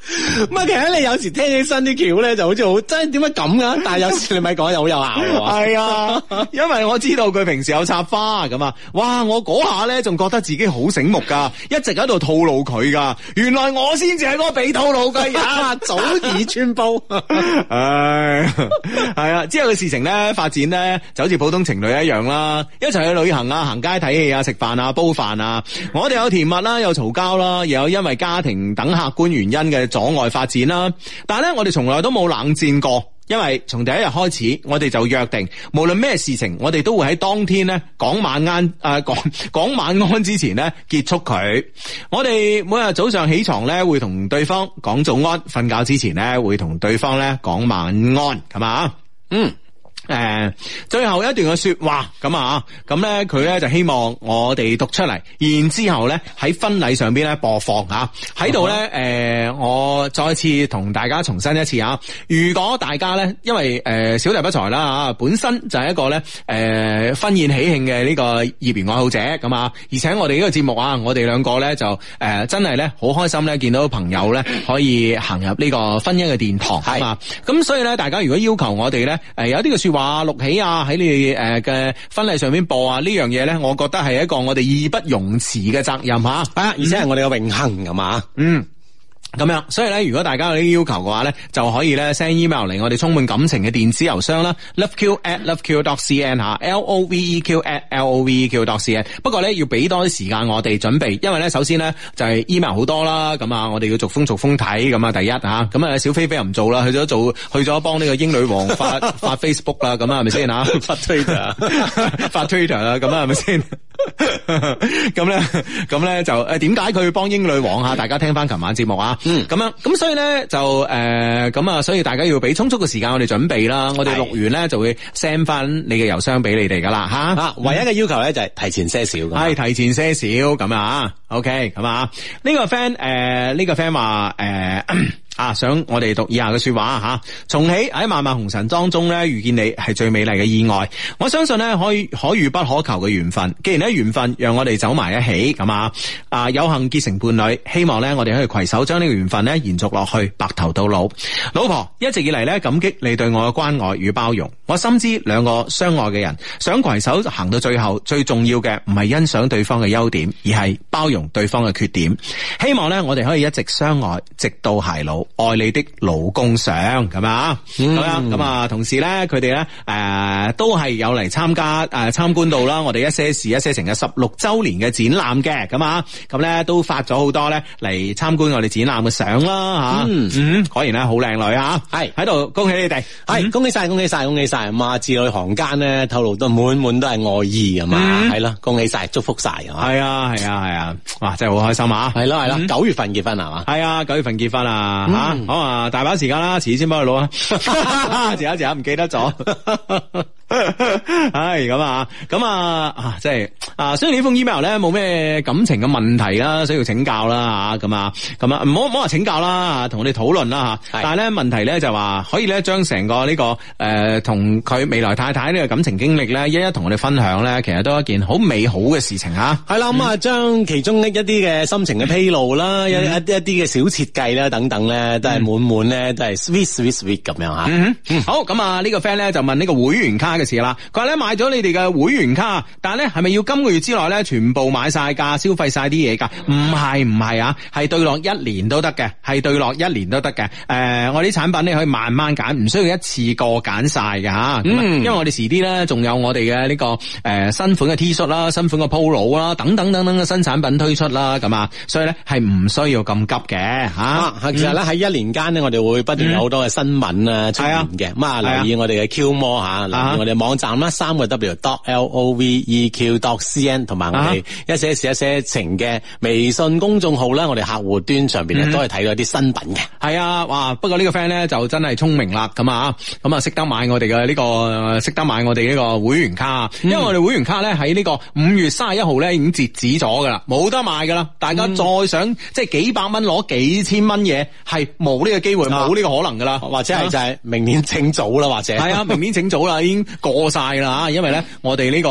咁啊，其實你有時聽起身啲橋咧，就好似好真，點解咁噶？但係有時你咪講又好有效嘅。係啊， 因為我知道佢平時有插花咁啊，哇！我嗰下咧仲覺得自己好醒目噶，一直喺度套路佢噶。原來我先至係嗰個被套路嘅， 早已穿串煲。唉、 啊，係啊，之後嘅事情咧發展咧，就好似普通情侶一樣啦，一齊去旅行啊，行街睇戲啊，食飯啊，煲飯啊。我哋有甜蜜啦，有嘈交啦，又有因為家庭等客觀原因嘅。阻礙發展啦，但係咧，我哋從來都冇冷戰過，因為從第一日開始，我哋就約定，無論咩事情，我哋都會喺當天咧講晚安，誒講講晚安之前咧結束佢。我哋每日早上起床咧會同對方講早安，瞓覺之前咧會同對方咧講晚安，係嘛，嗯。誒，最後一段嘅說話咁啊，咁咧佢咧就希望我哋讀出嚟，然之後咧喺婚禮上邊咧播放吓，喺度咧誒，我再次同大家重申一次啊，如果大家咧，因為誒小弟不才啦啊，本身就係一個咧誒婚宴喜慶嘅呢個業餘愛好者咁啊，而且我哋呢個節目啊，我哋兩個咧就誒真係咧好開心咧見到朋友咧可以行入呢個婚姻嘅殿堂，係嘛，咁所以咧大家如果要求我哋咧誒有啲嘅說話。起啊，六喜啊，喺你誒嘅婚禮上面播啊，呢樣嘢，咧我覺得係一個我哋義不容辭嘅責任吓、啊，係、啊、而且係我哋嘅榮幸咁啊，嗯。嗯咁樣，所以咧，如果大家有呢啲要求嘅話咧，就可以咧 send email 嚟我哋充滿感情嘅電子郵箱啦，loveq@loveq.cn 嚇，L O V E Q at L O V E Q dot C N。不過咧，要俾多啲時間我哋準備，因為咧，首先咧就係 email 好多啦，咁啊，我哋要逐封逐封睇，咁啊，第一嚇，咁啊，小菲菲又唔做啦，去咗做，去咗幫呢個英女王發 發 Facebook 啦，咁啊，係咪先啊？發 Twitter，發 Twitter 啦，咁啊，係咪先？咁咧，咁咧就誒，點解佢要幫英女王？吓、嗯？大家聽翻琴晚節目啊，嗯，咁樣，咁所以咧就誒，咁、呃、啊，所以大家要俾充足嘅時間我哋準備啦，我哋錄完咧、嗯、就會 send 翻你嘅郵箱俾你哋噶啦，吓、啊，吓、嗯，唯一嘅要求咧就係提前些少，係、嗯、提前些少咁啊，OK，咁啊，呢、OK，呢個 friend 誒、呃，呢、呢個 friend 話誒。呃啊！想我哋讀以下嘅說話吓，從起喺漫漫紅塵當中咧遇見你係最美麗嘅意外。我相信咧可以可遇不可求嘅緣分。既然咧緣分讓我哋走埋一起，咁啊啊有幸結成伴侶，希望咧我哋可以攜手將呢個緣分咧延續落去，白頭到老。老婆一直以嚟咧感激你對我嘅關愛與包容。我深知兩個相愛嘅人想攜手行到最後，最重要嘅唔係欣賞對方嘅優點，而係包容對方嘅缺點。希望咧我哋可以一直相愛，直到偕老。愛你的老公相咁，啊，咁、嗯、樣咁啊，同時咧，佢哋咧誒，都係有嚟參加誒參、呃、觀到啦，我哋一些事一些情嘅十六周年嘅展覽嘅，咁啊，咁咧都發咗好多咧嚟參觀我哋展覽嘅相啦、啊、吓、啊，嗯，果然咧好靚女啊，係喺度恭喜你哋，係恭喜晒，恭喜晒，恭喜晒，孖字裏行間咧透露到滿滿都係愛意啊嘛，係恭喜晒，祝福晒啊，係啊，係啊，係啊，啊，哇，真係好開心啊，係啦係啦九月份結婚啊嘛，係啊，九月份結婚啊。吓、 啊，好啊，大把時間啦，遲先幫你攞啊，哈哈哈，遲下遲下唔記得咗。 唉、 哎，咁啊，咁啊，啊，即係啊，雖然呢封 email 咧冇咩感情嘅問題啦，需要請教啦，吓咁啊，咁啊，唔好唔好話請教啦，同、啊、我哋討論啦，吓、啊，但係咧問題咧就話可以咧將成個呢、這個誒同佢未來太太呢個感情經歷咧，一一同我哋分享咧，其實都係一件好美好嘅事情吓。係啦，咁、嗯、啊，將、嗯、其中一啲嘅心情嘅披露啦、嗯，一一啲嘅小設計啦，等等咧，都係滿滿咧，都係 sweet sweet sweet 咁樣吓。嗯，好，咁啊，呢個 friend 咧就問呢個會員卡嘅啦，佢話咧買咗你哋嘅會員卡，但係咧係咪要今個月之內咧全部買晒噶，消費晒啲嘢噶？唔係唔係啊，係對落一年都得嘅，係對落一年都得嘅。誒、呃，我啲產品咧可以慢慢揀，唔需要一次過揀晒嘅吓。因為我哋遲啲咧仲有我哋嘅呢個誒新款嘅 T 恤啦，新款嘅 Polo 啦，等等等等嘅新產品推出啦，咁啊，所以咧係唔需要咁急嘅吓、啊啊啊。其實咧喺、嗯、一年間呢，我哋會不斷有好多嘅新聞啊出現嘅，咁、嗯、啊留意我哋嘅 Q 魔吓，留意我哋。網站啦，三個 w dot loveq dot cn 同埋我哋一些一些情嘅微信公眾號啦，我哋客戶端上邊咧都係睇到啲新品嘅。係、嗯嗯、啊，哇！不過呢個 friend 咧就真係聰明啦，咁、嗯、啊，咁啊識得買我哋嘅呢個，識得買我哋呢個會員卡，嗯、因為我哋會員卡咧喺呢個五月三十一號咧已經截止咗噶啦，冇得買噶啦。大家再想、嗯、即係幾百蚊攞幾千蚊嘢，係冇呢個機會，冇呢、啊、個可能噶啦，或者係就係明年請早啦，或者係、嗯、啊，明年請早啦，已經。嗯 過晒啦，因為咧、嗯、我哋呢、這個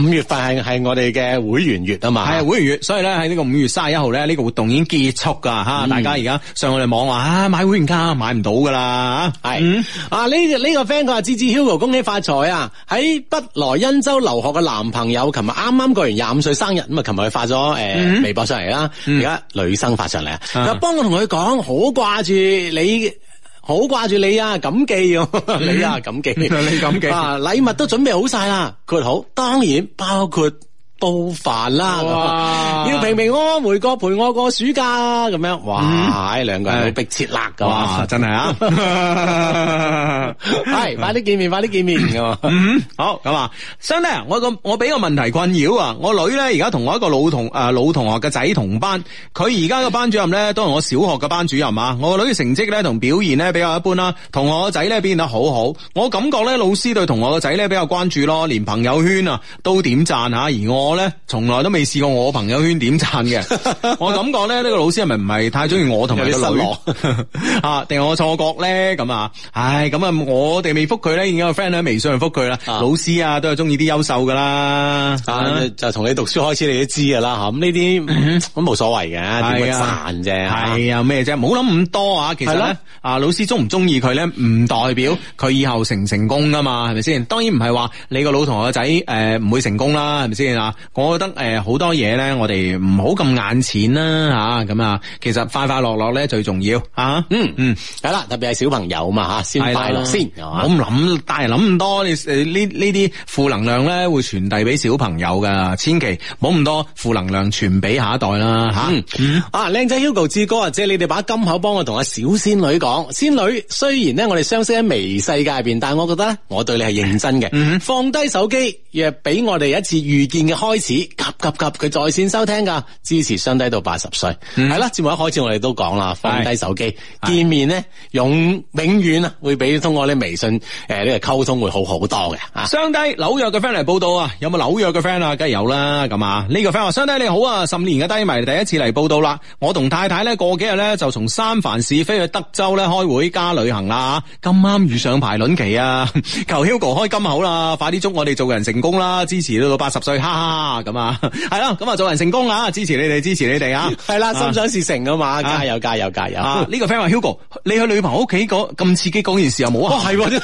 誒五、呃、月份係係我哋嘅會員月啊嘛，係會員月，所以咧喺呢在這個五月卅一號咧呢個活動已經結束噶吓、嗯，大家而家上我哋網話啊買會員卡買唔到噶啦吓，係、嗯、啊呢呢、這個 friend 佢話芝芝 hugo 恭喜發財啊，喺北萊茵州留學嘅男朋友，琴日啱啱過完廿五歲生日，咁啊琴日佢發咗誒、呃嗯、微博上嚟啦，而、嗯、家女生發上嚟啊，幫、嗯、我同佢講好掛住你。好掛住你啊，感激 你啊，感激你， 你感激啊，禮物都準備好晒啦，括 好，當然包括。都煩啦，要平平安安回國陪我過暑假咁樣哇，哎、嗯，兩個人好逼切辣噶，真係啊，係 快啲見面，快啲見面噶、嗯嗯，好咁啊，兄弟我個我俾個問題困擾啊，我女咧而家同我一個老同誒、呃、老同學嘅仔同班，佢而家個班主任咧都係我小學嘅班主任啊，我女嘅成績咧同表現咧比較一般啦，同學個仔咧變得好好，我感覺咧老師對同學個仔咧比較關注咯，連朋友圈啊都點讚吓，而我。我咧，從來都未試過我朋友圈點讚嘅。我感覺咧，呢個老師係咪唔係太中意我同埋啲女啊？定係我錯覺咧？咁啊，唉，咁啊，我哋未復佢咧，已經有 friend 喺微信嚟復佢啦。老師啊，都係中意啲優秀噶啦，啊啊啊就從你讀書開始你都知噶啦。吓，咁呢啲咁冇所謂嘅，點、嗯、會煩啫、啊啊啊啊？係啊，咩啫？唔好諗咁多啊。其實咧，啊，啊，老師中唔中意佢咧，唔代表佢以後成唔成功噶嘛？係咪先？當然唔係話你個老同學仔誒唔會成功啦，係咪先啊？我覺得誒，好多嘢咧，我哋唔好咁眼淺啦，吓，咁啊，其實快快樂樂咧最重要啊。嗯嗯，係啦，特別係小朋友嘛吓，先快樂先，唔好諗大人諗咁多，你呢呢啲負能量咧會傳遞俾小朋友噶，千祈冇咁多負能量傳俾下一代啦，吓。啊，靚仔 Hugo 志哥啊，即係你哋把金口幫我同阿小仙女講，仙女雖然咧我哋相識喺微世界入邊，但係我覺得我對你係認真嘅，嗯，放低手機，若俾我哋一次遇見嘅。開始急急急！佢在線收聽噶，支持雙低到八十歲。係、嗯、啦，節目一開始我哋都講啦，放低手機，見面呢，永永遠啊會俾通過啲微信誒呢個溝通會好好多嘅。啊，雙低紐約嘅 friend 嚟報道啊，有冇紐約嘅 friend 啊？梗係有啦。咁啊呢個 friend 話：雙低你好啊，十年嘅低迷第一次嚟報道啦。我同太太咧過幾日咧就從三藩市飛去德州咧開會加旅行啦。咁啱遇上排卵期啊，求 Hugo 開金口啦！快啲祝我哋做人成功啦，支持到到八十歲，哈哈。啊，咁啊，係咯，咁啊，做人成功啊，支持你哋，支持你哋啊，係 啦，心想事成嘛啊嘛，加油，加油，加油！呢、啊啊這個 friend 話 Hugo，你去女朋友屋企個咁刺激事有有，講件事有冇啊？係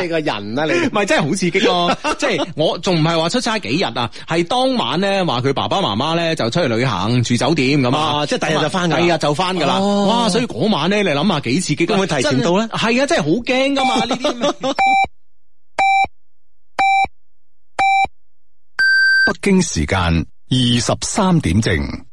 你個人啊，你唔係真係好刺激咯、啊， 即係我仲唔係話出差幾日啊？係當晚咧，話佢爸爸媽媽咧就出去旅行住酒店咁啊、哦，即係第日就翻噶，第日就翻噶啦。哇，所以嗰晚咧，你諗下幾刺激、啊，咁會提前到咧，係啊，真係好驚噶嘛呢啲。哦北京時間二十三點正。